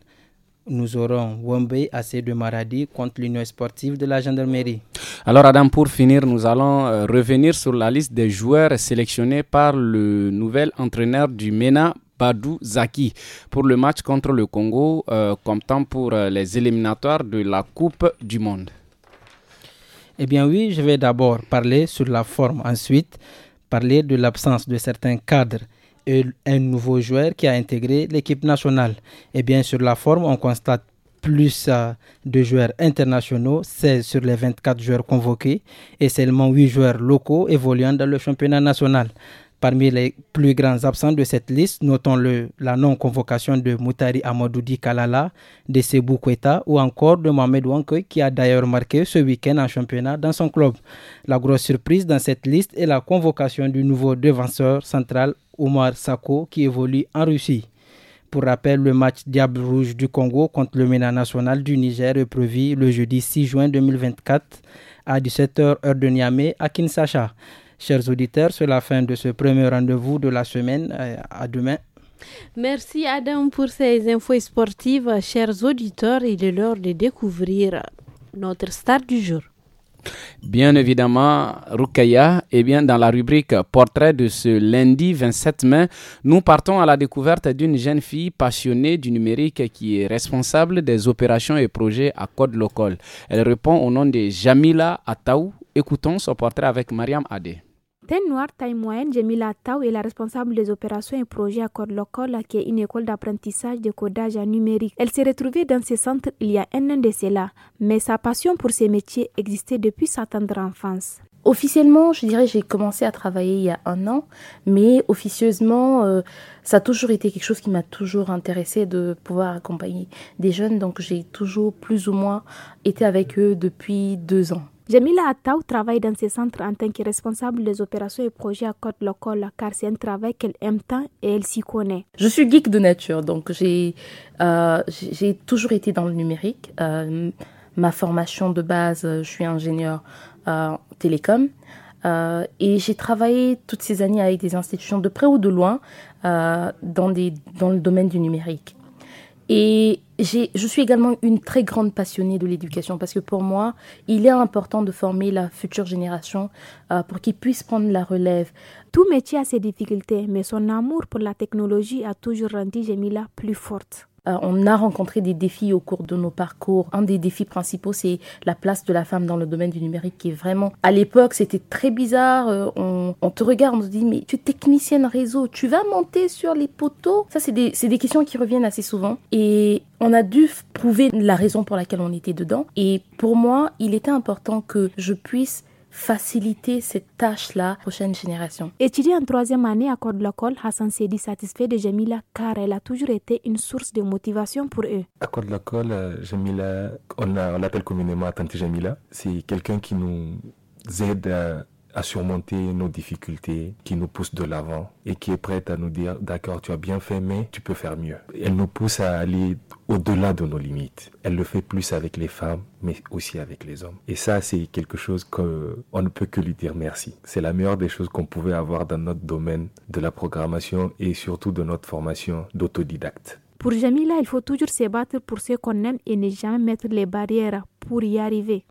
nous aurons Wombe AC de Maradi contre l'Union sportive de la gendarmerie. Alors Adam, pour finir, nous allons euh, revenir sur la liste des joueurs sélectionnés par le nouvel entraîneur du MENA Badou Zaki pour le match contre le Congo, euh, comptant pour les éliminatoires de la Coupe du Monde. Eh bien oui, je vais d'abord parler sur la forme, ensuite parler de l'absence de certains cadres et un nouveau joueur qui a intégré l'équipe nationale. Eh bien sur la forme, on constate plus euh, de joueurs internationaux, 16 sur les 24 joueurs convoqués, et seulement 8 joueurs locaux évoluant dans le championnat national. Parmi les plus grands absents de cette liste, notons le, la non-convocation de Moutari Amadou Kalala, de Sebou Kweta ou encore de Mohamed Wanke qui a d'ailleurs marqué ce week-end en championnat dans son club. La grosse surprise dans cette liste est la convocation du nouveau défenseur central Omar Sako qui évolue en Russie. Pour rappel, le match Diable Rouge du Congo contre le MENA national du Niger est prévu le jeudi 6 juin 2024 à 17h heure de Niamey à Kinshasa. Chers auditeurs, c'est la fin de ce premier rendez-vous de la semaine. Euh, à demain. Merci Adam pour ces infos sportives. Chers auditeurs, il est l'heure de découvrir notre star du jour. Bien évidemment, Rukaya, bien dans la rubrique Portrait de ce lundi 27 mai, nous partons à la découverte d'une jeune fille passionnée du numérique qui est responsable des opérations et projets à Code Local. Elle répond au nom de Jamila Ataou. Écoutons son portrait avec Mariam Adé. Eden Noire taille moyenne, Jemila Tau est la responsable des opérations et projets à Local, qui est une école d'apprentissage de codage en numérique. Elle s'est retrouvée dans ce centre il y a un an de cela, mais sa passion pour ces métiers existait depuis sa tendre enfance. Officiellement, je dirais, j'ai commencé à travailler il y a un an, mais officieusement, euh, ça a toujours été quelque chose qui m'a toujours intéressé de pouvoir accompagner des jeunes. Donc, j'ai toujours plus ou moins été avec eux depuis deux ans. Jamila Attaou travaille dans ce centre en tant que responsable des opérations et projets à Côte Locale car c'est un travail qu'elle aime tant et elle s'y connaît. Je suis geek de nature, donc j'ai euh, toujours été dans le numérique. Euh, ma formation de base, je suis ingénieur euh, télécom. et j'ai travaillé toutes ces années avec des institutions de près ou de loin dans le domaine du numérique. Et je suis également une très grande passionnée de l'éducation parce que pour moi, il est important de former la future génération euh, pour qu'ils puissent prendre la relève. Tout métier a ses difficultés, mais son amour pour la technologie a toujours rendu Jemila plus forte. Euh, on a rencontré des défis au cours de nos parcours. Un des défis principaux, c'est la place de la femme dans le domaine du numérique qui est vraiment... À l'époque, c'était très bizarre. Euh, on, te regarde, on se dit, mais tu es technicienne réseau, tu vas monter sur les poteaux Ça, c'est des questions qui reviennent assez souvent. Et on a dû prouver la raison pour laquelle on était dedans. Et pour moi, il était important que je puisse faciliter cette tâche-là prochaine génération. étudier en troisième année à Côte de l'école, Hassan s'est satisfait de Jamila car elle a toujours été une source de motivation pour eux. À Côte de euh, Jamila, on l'appelle communément Tante Jamila. C'est quelqu'un qui nous aide à à surmonter nos difficultés, qui nous pousse de l'avant et qui est prête à nous dire d'accord, tu as bien fait, mais tu peux faire mieux. Elle nous pousse à aller au-delà de nos limites. Elle le fait plus avec les femmes, mais aussi avec les hommes. Et ça, c'est quelque chose qu'on ne peut que lui dire merci. C'est la meilleure des choses qu'on pouvait avoir dans notre domaine de la programmation et surtout de notre formation d'autodidacte. Pour Jamila, il faut toujours se battre pour ce qu'on aime et ne jamais mettre les barrières pour y arriver.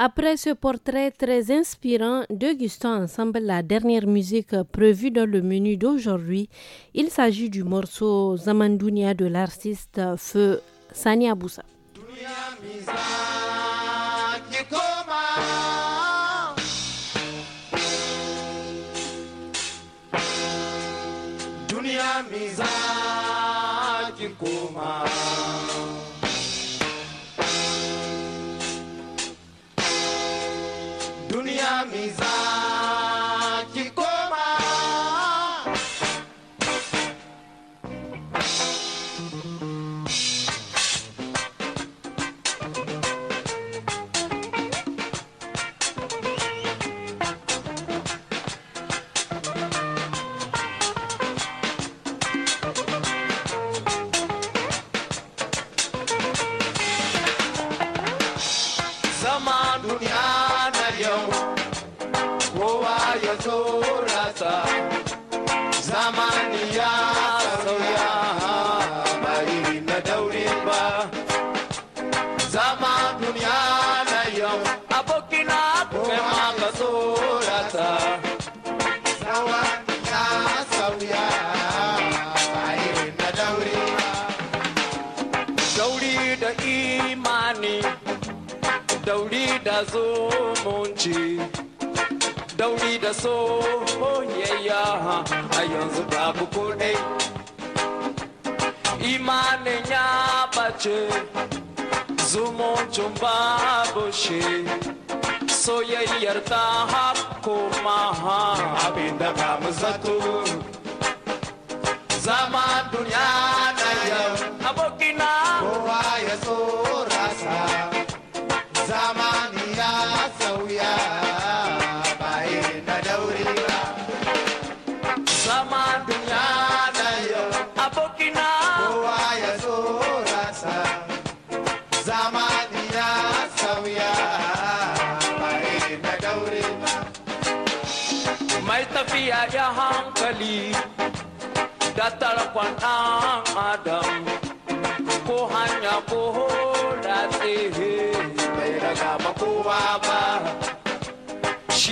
Après ce portrait très inspirant de Guston Ensemble, la dernière musique prévue dans le menu d'aujourd'hui, il s'agit du morceau Zamandounia de l'artiste Feu Sani Dunia दुनिया da so yayya a yanzu babu ko dai imanin ya bace zumuncin babu shi soyayyar ta hako maha abin da ba mu zato na yau abokina kowa ya tsoro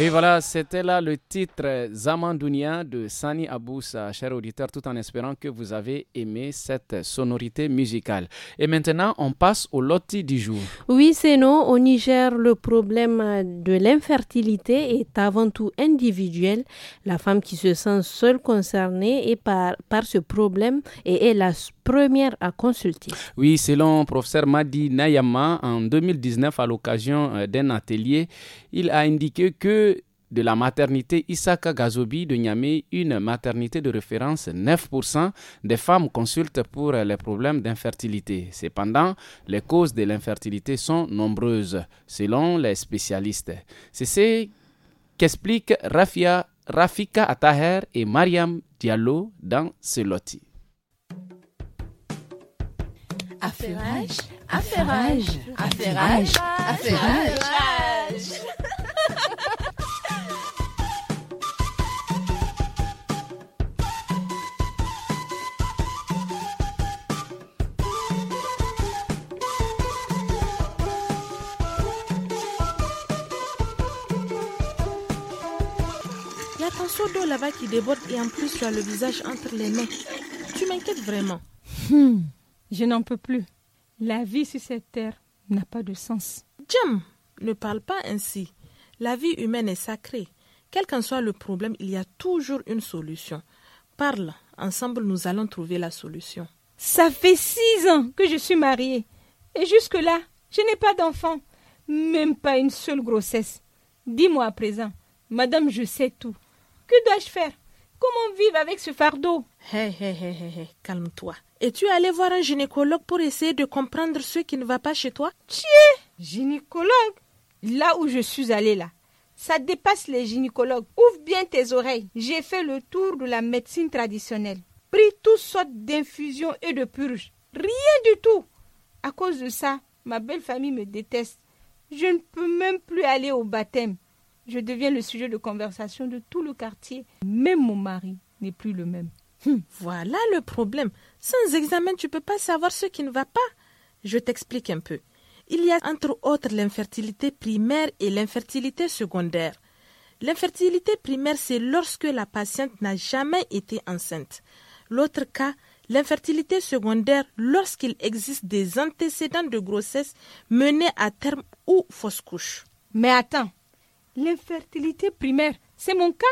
Et voilà, c'était là le titre Zamandounia de Sani Aboussa, cher auditeur, tout en espérant que vous avez aimé cette sonorité musicale. Et maintenant, on passe au loti du jour. Oui, c'est non. Au Niger, le problème de l'infertilité est avant tout individuel. La femme qui se sent seule concernée et par, par ce problème et est la première à consulter. Oui, selon le professeur Madi Nayama, en 2019, à l'occasion euh, d'un atelier, il a indiqué que de la maternité Isaka Gazobi de Niamey, une maternité de référence, 9% des femmes consultent pour euh, les problèmes d'infertilité. Cependant, les causes de l'infertilité sont nombreuses, selon les spécialistes. C'est ce qu'expliquent Rafika Ataher et Mariam Diallo dans ce loti. Affairage, affairage, affairage, affairage. Il y a tant d'eau là-bas qui déborde et en plus tu as le visage entre les mains. Tu m'inquiètes vraiment. Hmm. Je n'en peux plus. La vie sur cette terre n'a pas de sens. Jim, ne parle pas ainsi. La vie humaine est sacrée. Quel qu'en soit le problème, il y a toujours une solution. Parle, ensemble nous allons trouver la solution. Ça fait six ans que je suis mariée. Et jusque-là, je n'ai pas d'enfant. Même pas une seule grossesse. Dis-moi à présent, madame, je sais tout. Que dois-je faire Comment vivre avec ce fardeau Hé, hé, hé, hé, calme-toi. Es-tu allé voir un gynécologue pour essayer de comprendre ce qui ne va pas chez toi Tiens, gynécologue Là où je suis allée là, ça dépasse les gynécologues. Ouvre bien tes oreilles. J'ai fait le tour de la médecine traditionnelle, pris toutes sortes d'infusions et de purges. Rien du tout. À cause de ça, ma belle famille me déteste. Je ne peux même plus aller au baptême. Je deviens le sujet de conversation de tout le quartier. Même mon mari n'est plus le même. Hmm, voilà le problème. Sans examen, tu peux pas savoir ce qui ne va pas. Je t'explique un peu. Il y a entre autres l'infertilité primaire et l'infertilité secondaire. L'infertilité primaire, c'est lorsque la patiente n'a jamais été enceinte. L'autre cas, l'infertilité secondaire, lorsqu'il existe des antécédents de grossesse menés à terme ou fausse couche. Mais attends, l'infertilité primaire. C'est mon cas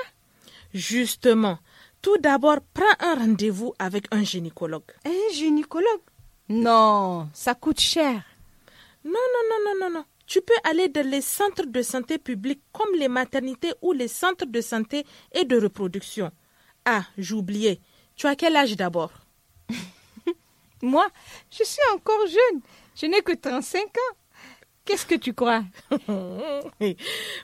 Justement, tout d'abord, prends un rendez-vous avec un gynécologue. Un gynécologue Non, ça coûte cher. Non, non, non, non, non, non. Tu peux aller dans les centres de santé publics comme les maternités ou les centres de santé et de reproduction. Ah, j'oubliais. Tu as quel âge d'abord Moi, je suis encore jeune. Je n'ai que 35 ans. Qu'est-ce que tu crois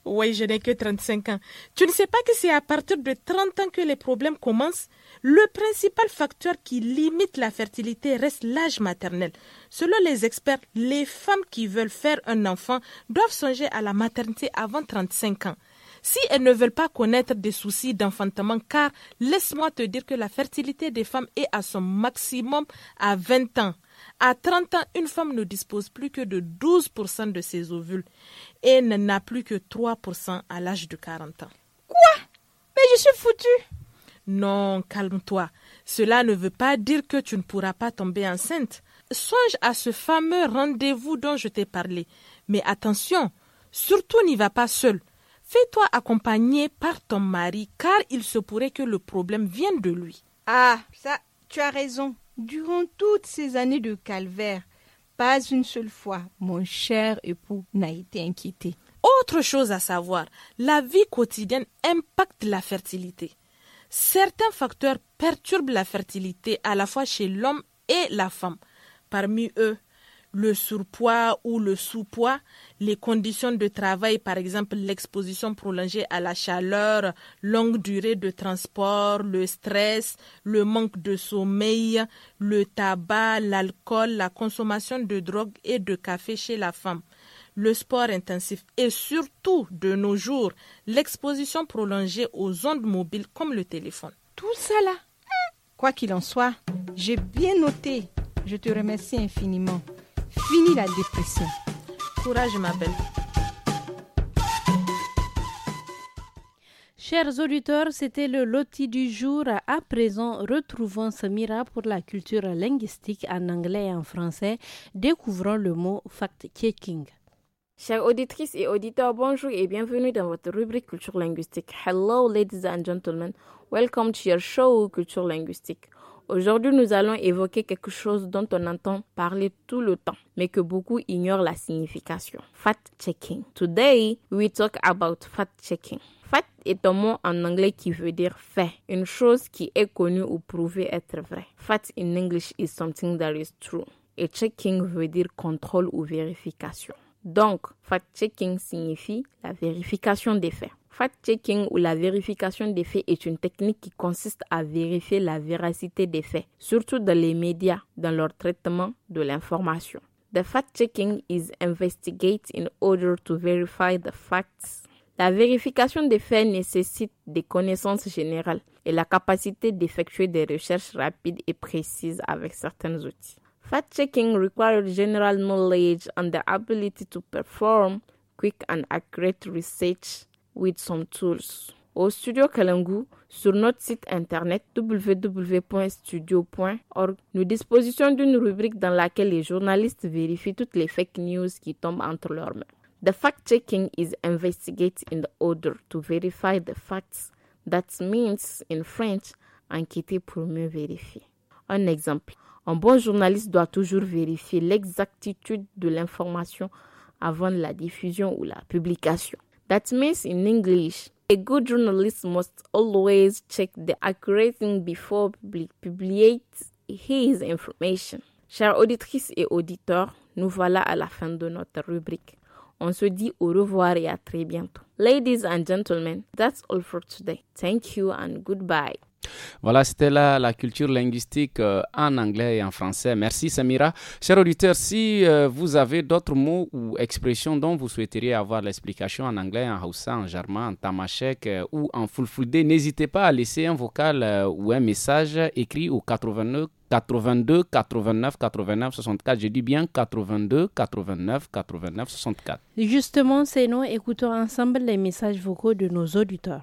Oui, je n'ai que 35 ans. Tu ne sais pas que c'est à partir de 30 ans que les problèmes commencent Le principal facteur qui limite la fertilité reste l'âge maternel. Selon les experts, les femmes qui veulent faire un enfant doivent songer à la maternité avant 35 ans si elles ne veulent pas connaître des soucis d'enfantement, car laisse-moi te dire que la fertilité des femmes est à son maximum à 20 ans. À 30 ans, une femme ne dispose plus que de 12% de ses ovules et n'a plus que 3% à l'âge de 40 ans. Quoi Mais je suis foutue Non, calme-toi. Cela ne veut pas dire que tu ne pourras pas tomber enceinte. Songe à ce fameux rendez-vous dont je t'ai parlé. Mais attention, surtout n'y va pas seule Fais-toi accompagner par ton mari car il se pourrait que le problème vienne de lui. Ah, ça, tu as raison. Durant toutes ces années de calvaire, pas une seule fois mon cher époux n'a été inquiété. Autre chose à savoir, la vie quotidienne impacte la fertilité. Certains facteurs perturbent la fertilité à la fois chez l'homme et la femme. Parmi eux, le surpoids ou le sous-poids, les conditions de travail, par exemple l'exposition prolongée à la chaleur, longue durée de transport, le stress, le manque de sommeil, le tabac, l'alcool, la consommation de drogue et de café chez la femme le sport intensif et surtout de nos jours l'exposition prolongée aux ondes mobiles comme le téléphone. Tout cela. quoi qu'il en soit, j'ai bien noté. Je te remercie infiniment. Fini la dépression. Courage, ma belle. Chers auditeurs, c'était le loti du jour. À présent, retrouvons Samira pour la culture linguistique en anglais et en français. Découvrons le mot fact-checking. Chers auditrices et auditeurs, bonjour et bienvenue dans votre rubrique culture linguistique. Hello, ladies and gentlemen. Welcome to your show culture linguistique. Aujourd'hui, nous allons évoquer quelque chose dont on entend parler tout le temps, mais que beaucoup ignorent la signification. Fact-checking. Today, we talk about fact-checking. Fact est un mot en anglais qui veut dire fait, une chose qui est connue ou prouvée être vraie. Fact in English is something that is true. Et checking veut dire contrôle ou vérification. Donc, fact-checking signifie la vérification des faits. Fact-checking ou la vérification des faits est une technique qui consiste à vérifier la véracité des faits, surtout dans les médias, dans leur traitement de l'information. The fact-checking is investigate in order to verify the facts. La vérification des faits nécessite des connaissances générales et la capacité d'effectuer des recherches rapides et précises avec certains outils. Fact-checking requires general knowledge and the ability to perform quick and accurate research with some tools. Au studio Kalangu, sur notre site internet www.studio.org, nous disposons d'une rubrique dans laquelle les journalistes vérifient toutes les fake news qui tombent entre leurs mains. The fact-checking is investigated in order to verify the facts. That means, in French, enquêter pour mieux vérifier. Un exemple. Un bon journaliste doit toujours vérifier l'exactitude de l'information avant la diffusion ou la publication. That means in English, a good journalist must always check the accuracy before public his information. Chères auditrices et auditeurs, nous voilà à la fin de notre rubrique. On se dit au revoir et à très bientôt. Ladies and gentlemen, that's all for today. Thank you and goodbye. Voilà, c'était la culture linguistique euh, en anglais et en français. Merci Samira. Chers auditeurs, si euh, vous avez d'autres mots ou expressions dont vous souhaiteriez avoir l'explication en anglais, en haussa, en germain, en tamashek euh, ou en fulfulde, n'hésitez pas à laisser un vocal ou un message écrit au 89 82 89 89 64. Je dis bien 82 89 89 64. Justement, c'est nous écoutons ensemble les messages vocaux de nos auditeurs.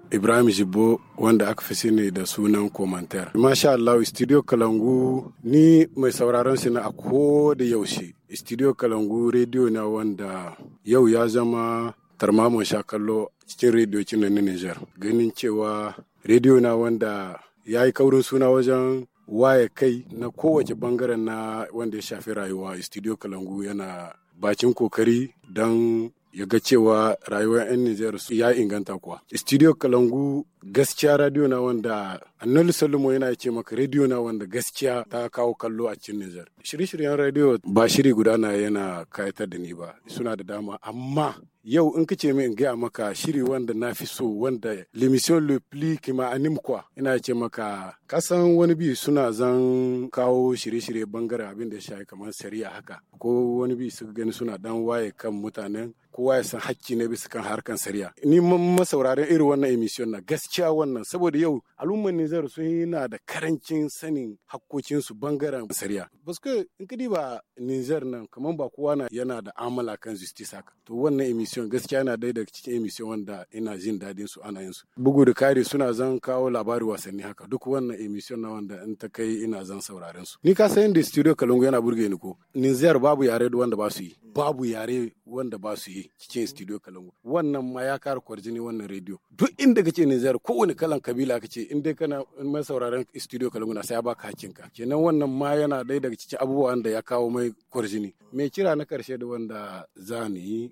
Ibrahim Jibo wanda aka fi sani da sunan komantar. Masha Allah, Studio Kalangu ni mai sauraron su a ko da yaushe. Studio Kalangu rediyo na wanda yau ya zama tarmamon sha kallo cikin rediyo na niger. Ganin cewa rediyo na wanda ya yi kaurin suna wajen waye kai na kowace bangaren na wanda ya shafi rayuwa. Studio Kalangu yana bacin kokari don ya ga cewa rayuwar 'yan Nijar ya inganta kuwa. Studio Kalangu gaskiya radio na wanda annali salumo yana ce maka rediyo na wanda gaskiya ta kawo kallo a cikin nijar shirye-shiryen rediyo ba shiri guda na yana kayatar da ni ba suna da dama amma yau in kace min in gaya maka shiri wanda na fi so wanda l'émission le plus qui anime quoi ina ce maka kasan wani bi suna zan kawo shirye-shirye bangare abin da shi kamar sariya haka ko wani bi su gani suna dan waye kan mutanen kowa ya san hakki na bisa kan harkan sariya ni masauraren irin wannan emission na gaskiya wannan saboda yau al'ummar Nijar sun yi na da karancin sanin hakkokinsu bangaren sariya basko in kadi ba Nijar nan kamar ba kowa na yana da amala kan justice haka. To wannan emission gaskiya yana dai daga cikin emission wanda ina jin dadin su ana yin su. Bugu da kare suna zan kawo labarin wasanni haka duk wannan emission na wanda in ta kai ina zan sauraren su. Ni ka san da studio Kalungu yana burge ni ko. Nijar babu yare wanda ba su yi. Babu yare wanda ba su yi cikin studio Kalungu. Wannan ma ya kara kwarjini wannan rediyo. Duk inda kace Nijar kowane kalan kabila kace in dai kana mai sauraron studio a sai ya baka hakinka kenan wannan ma yana ɗaya daga cikin abubuwan da ya kawo mai kwarjini mai kira na karshe da wanda za ni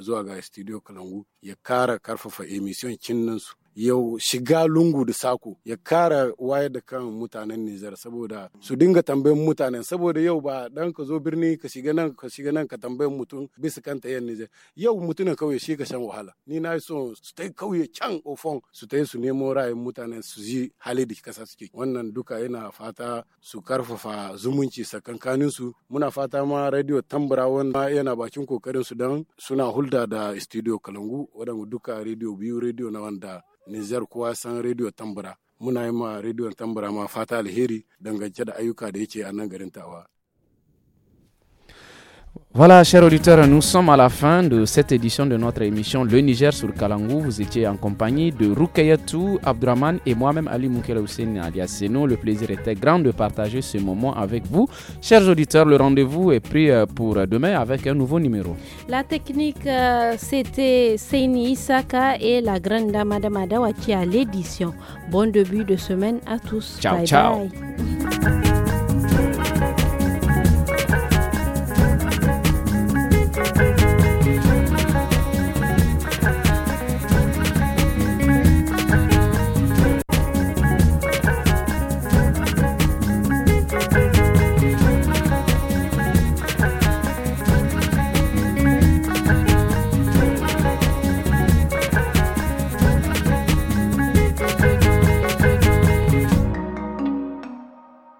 zuwa ga studio kalangu ya kara karfafa emission kinnansu su ya shiga lungu da sako ya kara wayar da kan mutanen Nijar saboda su dinga tambayin mutanen saboda yau ba dan ka zo birni ka shiga nan ka shiga nan ka tambayin mutum bisa kan yan Nijar yau mutunan kauye shi ka shan wahala ni na so su tai kauye can ofon su tai su nemo ra'ayin mutanen su ji hali da kasa suke wannan duka yana fata su karfafa zumunci sakankanin su muna fata ma radio tambara wanda yana bakin kokarin su dan suna hulda da studio Kalangu wadanda duka radio biyu radio na wanda Nijar kowa san rediyo tambura. Muna yi ma rediyo tambura ma fata alheri dangance da ayyuka da yake a nan garin tawa. Voilà, chers auditeurs, nous sommes à la fin de cette édition de notre émission Le Niger sur Kalangou. Vous étiez en compagnie de Rukayatou Abdraman et moi-même Ali Moukela alias Seno. Le plaisir était grand de partager ce moment avec vous. Chers auditeurs, le rendez-vous est pris euh, pour demain avec un nouveau numéro. La technique, euh, c'était Seini Isaka et la grande dame Madame à l'édition. Bon début de semaine à tous. Ciao, ciao.